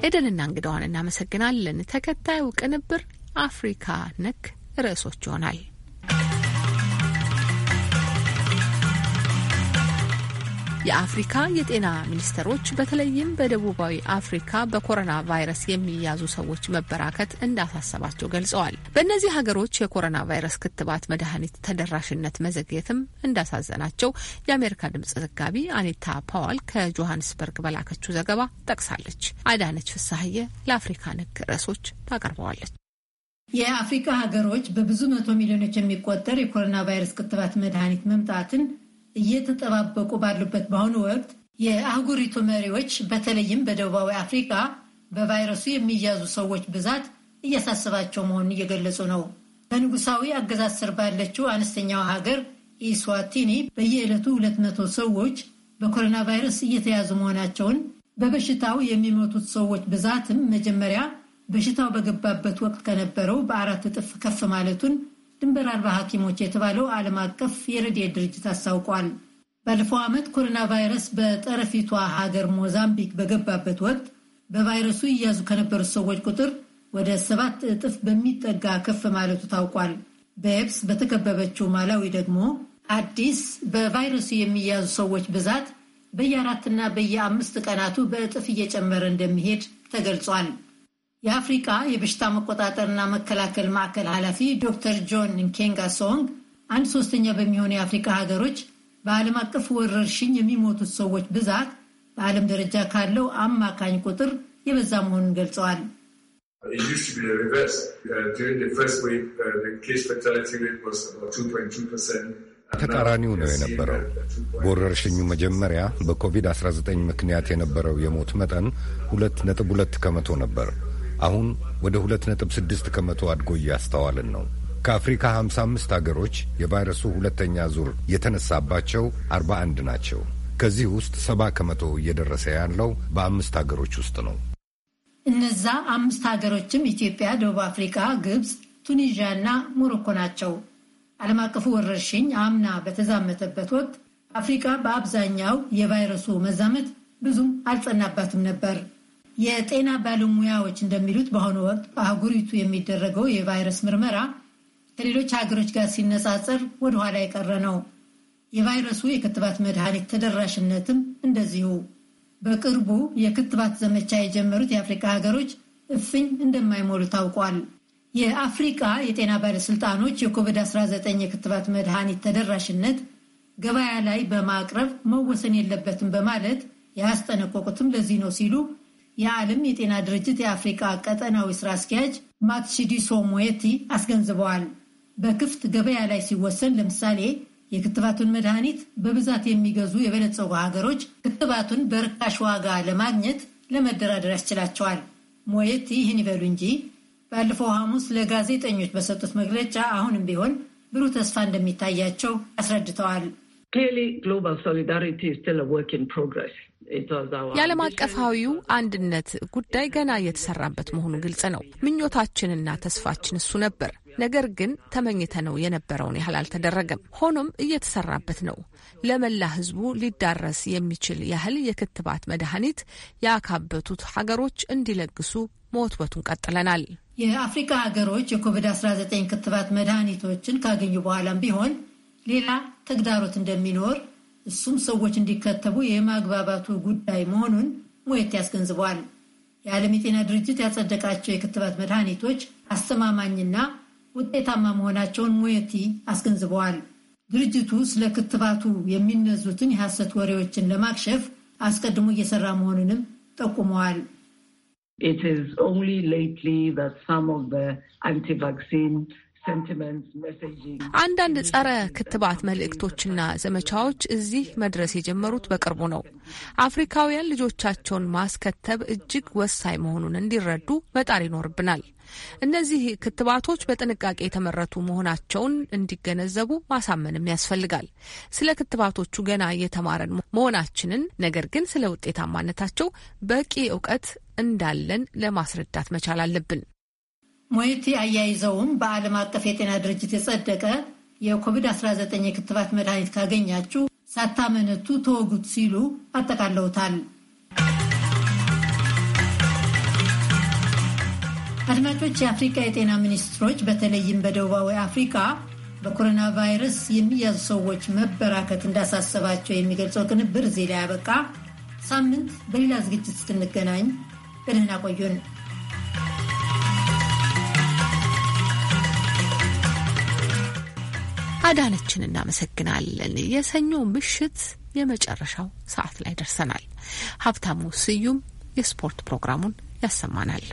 Speaker 1: ኤደንና እንግዳዋን እናመሰግናለን። ተከታዩ ቅንብር አፍሪካ ነክ ርዕሶች ይሆናል። የአፍሪካ የጤና ሚኒስትሮች በተለይም በደቡባዊ አፍሪካ በኮሮና ቫይረስ የሚያዙ ሰዎች መበራከት እንዳሳሰባቸው ገልጸዋል። በእነዚህ ሀገሮች የኮሮና ቫይረስ ክትባት መድኃኒት ተደራሽነት መዘግየትም እንዳሳዘናቸው የአሜሪካ ድምጽ ዘጋቢ አኒታ ፓዋል ከጆሀንስበርግ በላከችው ዘገባ ጠቅሳለች። አዳነች ፍሳሀየ ለአፍሪካ ንግ ርዕሶች ታቀርበዋለች።
Speaker 3: የአፍሪካ ሀገሮች በብዙ መቶ ሚሊዮኖች የሚቆጠር የኮሮና ቫይረስ ክትባት መድኃኒት መምጣትን እየተጠባበቁ ባሉበት በአሁኑ ወቅት የአህጉሪቱ መሪዎች በተለይም በደቡባዊ አፍሪካ በቫይረሱ የሚያዙ ሰዎች ብዛት እያሳሰባቸው መሆኑን እየገለጹ ነው። በንጉሳዊ አገዛዝ ስር ባለችው አነስተኛው ሀገር ኢስዋቲኒ በየዕለቱ 200 ሰዎች በኮሮና ቫይረስ እየተያዙ መሆናቸውን በበሽታው የሚሞቱት ሰዎች ብዛትም መጀመሪያ በሽታው በገባበት ወቅት ከነበረው በአራት እጥፍ ከፍ ማለቱን ድንበር አልባ ሐኪሞች የተባለው ዓለም አቀፍ የረድኤት ድርጅት አስታውቋል። ባለፈው ዓመት ኮሮና ቫይረስ በጠረፊቷ ሀገር ሞዛምቢክ በገባበት ወቅት በቫይረሱ ይያዙ ከነበሩት ሰዎች ቁጥር ወደ ሰባት እጥፍ በሚጠጋ ከፍ ማለቱ ታውቋል። በየብስ በተከበበችው ማላዊ ደግሞ አዲስ በቫይረሱ የሚያዙ ሰዎች ብዛት በየአራትና በየአምስት ቀናቱ በእጥፍ እየጨመረ እንደሚሄድ ተገልጿል። የአፍሪካ የበሽታ መቆጣጠርና መከላከል ማዕከል ኃላፊ ዶክተር ጆን ንኬንጋ ሶንግ አንድ ሶስተኛ በሚሆኑ የአፍሪካ ሀገሮች በዓለም አቀፍ ወረርሽኝ የሚሞቱት ሰዎች ብዛት በዓለም ደረጃ ካለው አማካኝ ቁጥር የበዛ መሆኑን ገልጸዋል።
Speaker 9: uh, uh, ተቃራኒው ነው የነበረው። uh,
Speaker 5: በወረርሽኙ መጀመሪያ በኮቪድ-19 ምክንያት የነበረው የሞት መጠን ሁለት ነጥብ ሁለት ከመቶ ነበር። አሁን ወደ 2.6 ከመቶ አድጎ እያስተዋልን ነው። ከአፍሪካ 55 አገሮች የቫይረሱ ሁለተኛ ዙር የተነሳባቸው 41 ናቸው። ከዚህ ውስጥ ሰባ ከመቶ እየደረሰ ያለው በአምስት አገሮች ውስጥ ነው።
Speaker 3: እነዛ አምስት ሀገሮችም ኢትዮጵያ፣ ደቡብ አፍሪካ፣ ግብፅ፣ ቱኒዥያ እና ሞሮኮ ናቸው። ዓለም አቀፉ ወረርሽኝ አምና በተዛመተበት ወቅት አፍሪካ በአብዛኛው የቫይረሱ መዛመት ብዙም አልጸናባትም ነበር። የጤና ባለሙያዎች እንደሚሉት በአሁኑ ወቅት በአህጉሪቱ የሚደረገው የቫይረስ ምርመራ ከሌሎች ሀገሮች ጋር ሲነጻጸር ወደኋላ የቀረ ነው። የቫይረሱ የክትባት መድኃኒት ተደራሽነትም እንደዚሁ። በቅርቡ የክትባት ዘመቻ የጀመሩት የአፍሪካ ሀገሮች እፍኝ እንደማይሞሉ ታውቋል። የአፍሪካ የጤና ባለስልጣኖች የኮቪድ-19 የክትባት መድኃኒት ተደራሽነት ገበያ ላይ በማቅረብ መወሰን የለበትም በማለት ያስጠነቀቁትም ለዚህ ነው ሲሉ የዓለም የጤና ድርጅት የአፍሪካ ቀጠናዊ ስራ አስኪያጅ ማትሺዲሶ ሞየቲ አስገንዝበዋል። በክፍት ገበያ ላይ ሲወሰን ለምሳሌ የክትባቱን መድኃኒት በብዛት የሚገዙ የበለጸጉ ሀገሮች ክትባቱን በርካሽ ዋጋ ለማግኘት ለመደራደር ያስችላቸዋል። ሞየቲ ይህን ይበሉ እንጂ ባለፈው ሐሙስ ለጋዜጠኞች በሰጡት መግለጫ አሁንም ቢሆን ብሩህ ተስፋ እንደሚታያቸው አስረድተዋል።
Speaker 11: የዓለም አቀፋዊው
Speaker 1: አንድነት ጉዳይ ገና እየተሰራበት መሆኑ ግልጽ ነው። ምኞታችንና ተስፋችን እሱ ነበር። ነገር ግን ተመኝተነው የነበረውን ያህል አልተደረገም። ሆኖም እየተሰራበት ነው። ለመላ ሕዝቡ ሊዳረስ የሚችል ያህል የክትባት መድኃኒት ያካበቱት ሀገሮች እንዲለግሱ መወትወቱን ቀጥለናል።
Speaker 3: የአፍሪካ ሀገሮች የኮቪድ-19 ክትባት መድኃኒቶችን ካገኙ በኋላም ቢሆን ሌላ ተግዳሮት እንደሚኖር እሱም ሰዎች እንዲከተቡ የማግባባቱ ጉዳይ መሆኑን ሙየት ያስገንዝቧል። የዓለም የጤና ድርጅት ያጸደቃቸው የክትባት መድኃኒቶች አስተማማኝና ውጤታማ መሆናቸውን ሙየቲ አስገንዝበዋል። ድርጅቱ ስለ ክትባቱ የሚነዙትን የሐሰት ወሬዎችን ለማክሸፍ አስቀድሞ እየሰራ መሆኑንም ጠቁመዋል።
Speaker 11: It is only lately that some of the anti-vaccine
Speaker 1: አንዳንድ ጸረ ክትባት መልእክቶችና ዘመቻዎች እዚህ መድረስ የጀመሩት በቅርቡ ነው። አፍሪካውያን ልጆቻቸውን ማስከተብ እጅግ ወሳኝ መሆኑን እንዲረዱ መጣር ይኖርብናል። እነዚህ ክትባቶች በጥንቃቄ የተመረቱ መሆናቸውን እንዲገነዘቡ ማሳመንም ያስፈልጋል። ስለ ክትባቶቹ ገና እየተማረን መሆናችንን፣ ነገር ግን ስለ ውጤታማነታቸው በቂ እውቀት እንዳለን ለማስረዳት መቻል አለብን።
Speaker 3: ሞይቲ አያይዘውም በዓለም አቀፍ የጤና ድርጅት የጸደቀ የኮቪድ-19 የክትባት መድኃኒት ካገኛችሁ ሳታመነቱ ተወጉት ሲሉ አጠቃለውታል። አድማጮች፣ የአፍሪካ የጤና ሚኒስትሮች በተለይም በደቡባዊ አፍሪካ በኮሮና ቫይረስ የሚያዙ ሰዎች መበራከት እንዳሳሰባቸው የሚገልጸው ቅንብር እዚህ ላይ ያበቃ። ሳምንት በሌላ ዝግጅት እስክንገናኝ በደህና ቆዩን።
Speaker 1: አዳነችን እናመሰግናለን። የሰኞ ምሽት የመጨረሻው ሰዓት ላይ ደርሰናል። ሀብታሙ ስዩም የስፖርት ፕሮግራሙን ያሰማናል።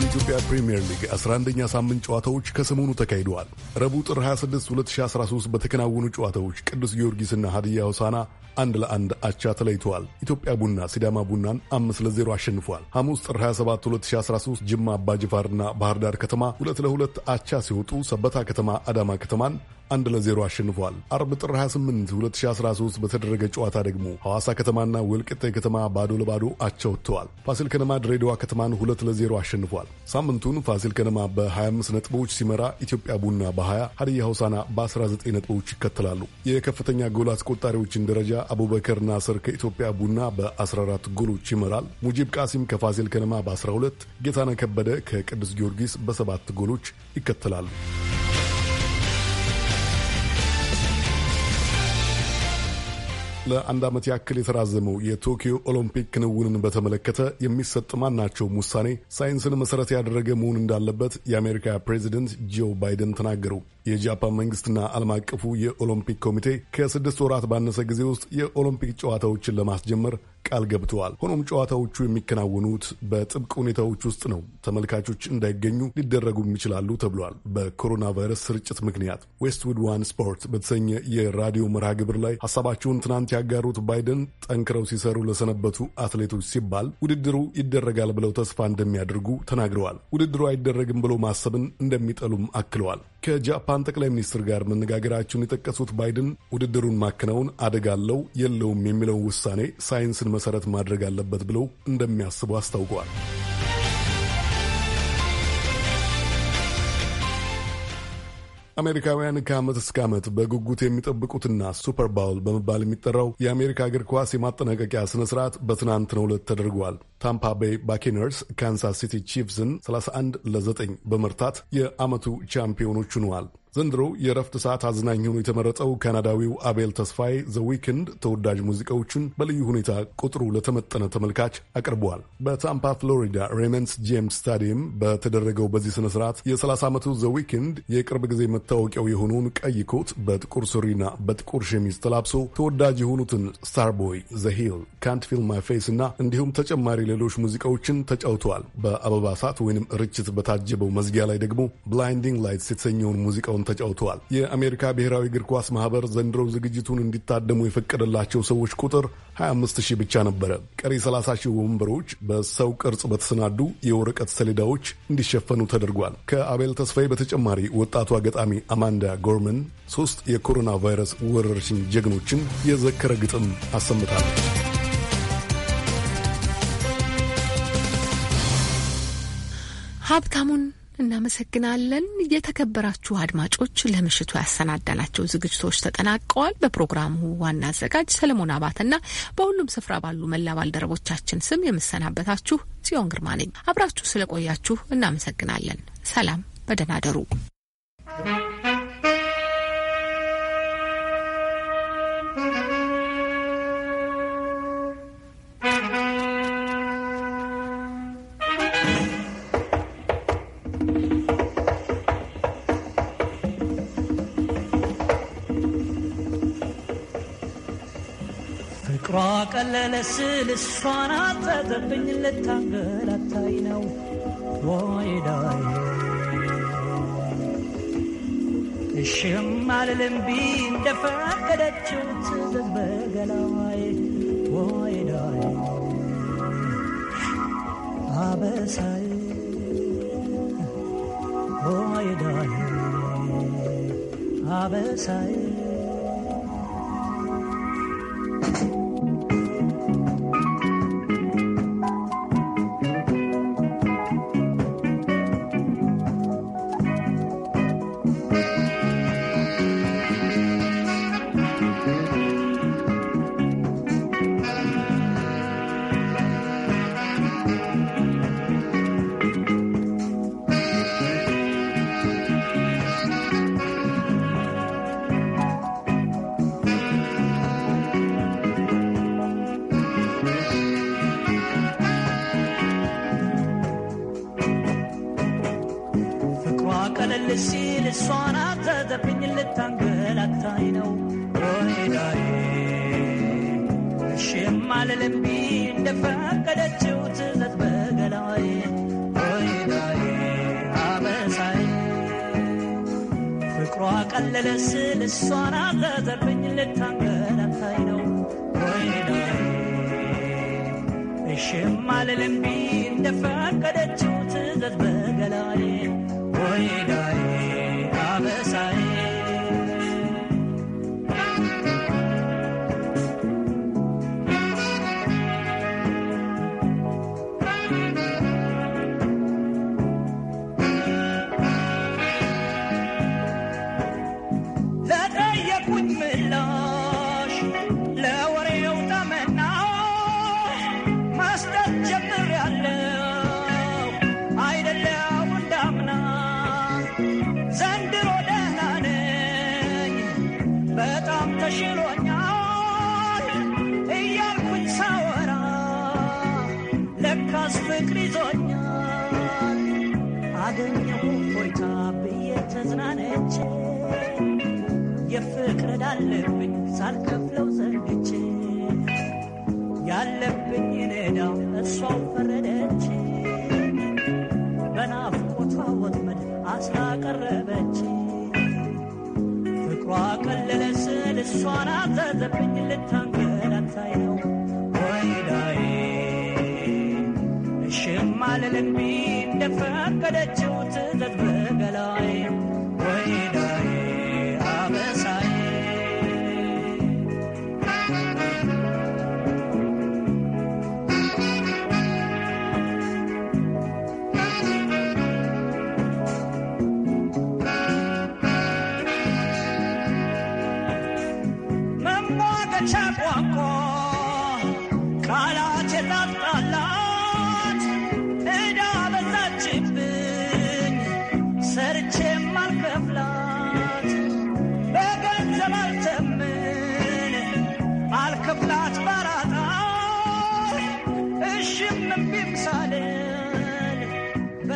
Speaker 9: የኢትዮጵያ ፕሪምየር ሊግ 11ኛ ሳምንት ጨዋታዎች ከሰሞኑ ተካሂደዋል። ረቡዕ ጥር 26 2013 በተከናወኑ ጨዋታዎች ቅዱስ ጊዮርጊስና ሀዲያ ሆሳና አንድ ለአንድ አቻ ተለይተዋል። ኢትዮጵያ ቡና ሲዳማ ቡናን አምስት ለዜሮ አሸንፏል። ሐሙስ ጥር 27 2013 ጅማ አባጅፋርና ባህር ዳር ከተማ ሁለት ለሁለት አቻ ሲወጡ ሰበታ ከተማ አዳማ ከተማን አንድ ለዜሮ አሸንፏል። አርብ ጥር 28 2013 በተደረገ ጨዋታ ደግሞ ሐዋሳ ከተማና ወልቅጤ ከተማ ባዶ ለባዶ አቻ ወጥተዋል። ፋሲል ከነማ ድሬዳዋ ከተማን ሁለት ለዜሮ አሸንፏል። ሳምንቱን ፋሲል ከነማ በ25 ነጥቦች ሲመራ ኢትዮጵያ ቡና በ20 ሀዲያ ሆሳና በ19 ነጥቦች ይከተላሉ። የከፍተኛ ጎል አስቆጣሪዎችን ደረጃ አቡበከር ናስር ከኢትዮጵያ ቡና በ14 ጎሎች ይመራል። ሙጂብ ቃሲም ከፋሲል ከነማ በ12፣ ጌታነ ከበደ ከቅዱስ ጊዮርጊስ በሰባት ጎሎች ይከተላሉ። ለአንድ ዓመት ያክል የተራዘመው የቶኪዮ ኦሎምፒክ ክንውንን በተመለከተ የሚሰጥ ማናቸውም ውሳኔ ሳይንስን መሠረት ያደረገ መሆን እንዳለበት የአሜሪካ ፕሬዚደንት ጆ ባይደን ተናገሩ። የጃፓን መንግሥትና ዓለም አቀፉ የኦሎምፒክ ኮሚቴ ከስድስት ወራት ባነሰ ጊዜ ውስጥ የኦሎምፒክ ጨዋታዎችን ለማስጀመር ቃል ገብተዋል። ሆኖም ጨዋታዎቹ የሚከናወኑት በጥብቅ ሁኔታዎች ውስጥ ነው። ተመልካቾች እንዳይገኙ ሊደረጉም ይችላሉ ተብሏል። በኮሮና ቫይረስ ስርጭት ምክንያት ዌስትውድ ዋን ስፖርት በተሰኘ የራዲዮ መርሃ ግብር ላይ ሀሳባቸውን ትናንት ያጋሩት ባይደን ጠንክረው ሲሰሩ ለሰነበቱ አትሌቶች ሲባል ውድድሩ ይደረጋል ብለው ተስፋ እንደሚያደርጉ ተናግረዋል። ውድድሩ አይደረግም ብሎ ማሰብን እንደሚጠሉም አክለዋል። ከጃፓን ጠቅላይ ሚኒስትር ጋር መነጋገራቸውን የጠቀሱት ባይደን ውድድሩን ማከናወን አደጋለው የለውም የሚለውን ውሳኔ ሳይንስን መሰረት ማድረግ አለበት ብለው እንደሚያስቡ አስታውቀዋል። አሜሪካውያን ከዓመት እስከ ዓመት በጉጉት የሚጠብቁትና ሱፐር ባውል በመባል የሚጠራው የአሜሪካ እግር ኳስ የማጠናቀቂያ ስነ ስርዓት በትናንትናው ዕለት ተደርጓል። ታምፓ ቤይ ባኪነርስ ካንሳስ ሲቲ ቺፍስን 31 ለ9 በመርታት የዓመቱ ቻምፒዮኖች ሆነዋል። ዘንድሮ የእረፍት ሰዓት አዝናኝ ሆኖ የተመረጠው ካናዳዊው አቤል ተስፋዬ ዘ ዊክንድ ተወዳጅ ሙዚቃዎቹን በልዩ ሁኔታ ቁጥሩ ለተመጠነ ተመልካች አቅርበዋል። በታምፓ ፍሎሪዳ ሬመንስ ጄምስ ስታዲየም በተደረገው በዚህ ስነ ስርዓት የ30 ዓመቱ ዘ ዊክንድ የቅርብ ጊዜ መታወቂያው የሆነውን ቀይ ኮት በጥቁር ሱሪና በጥቁር ሸሚዝ ተላብሶ ተወዳጅ የሆኑትን ስታርቦይ፣ ዘ ሂል፣ ካንት ፊል ማይ ፌስ እና እንዲሁም ተጨማሪ ሌሎች ሙዚቃዎችን ተጫውተዋል። በአበባ ሰዓት ወይንም ርችት በታጀበው መዝጊያ ላይ ደግሞ ብላይንዲንግ ላይትስ የተሰኘውን ሙዚቃውን ሚናውን ተጫውተዋል። የአሜሪካ ብሔራዊ እግር ኳስ ማህበር ዘንድሮ ዝግጅቱን እንዲታደሙ የፈቀደላቸው ሰዎች ቁጥር 25 ብቻ ነበረ። ቀሪ 30 ሺህ ወንበሮች በሰው ቅርጽ በተሰናዱ የወረቀት ሰሌዳዎች እንዲሸፈኑ ተደርጓል። ከአቤል ተስፋዬ በተጨማሪ ወጣቷ ገጣሚ አማንዳ ጎርመን ሶስት የኮሮና ቫይረስ ወረርሽኝ ጀግኖችን የዘከረ ግጥም አሰምታለች።
Speaker 1: ሀብታሙን እናመሰግናለን። የተከበራችሁ አድማጮች ለምሽቱ ያሰናዳናቸው ዝግጅቶች ተጠናቀዋል። በፕሮግራሙ ዋና አዘጋጅ ሰለሞን አባተና በሁሉም ስፍራ ባሉ መላ ባልደረቦቻችን ስም የምሰናበታችሁ ጽዮን ግርማ ነኝ። አብራችሁ ስለቆያችሁ እናመሰግናለን። ሰላም፣ በደህና ደሩ።
Speaker 13: ፍቅሯ ቀለለ ስል እሷን አጠገብኝ ልታንገላታይ ነው ወይዳይ እሽም እንደፈቀደችው ትዝም በገላዋይ ወይዳይ አበሳይ አበሳይ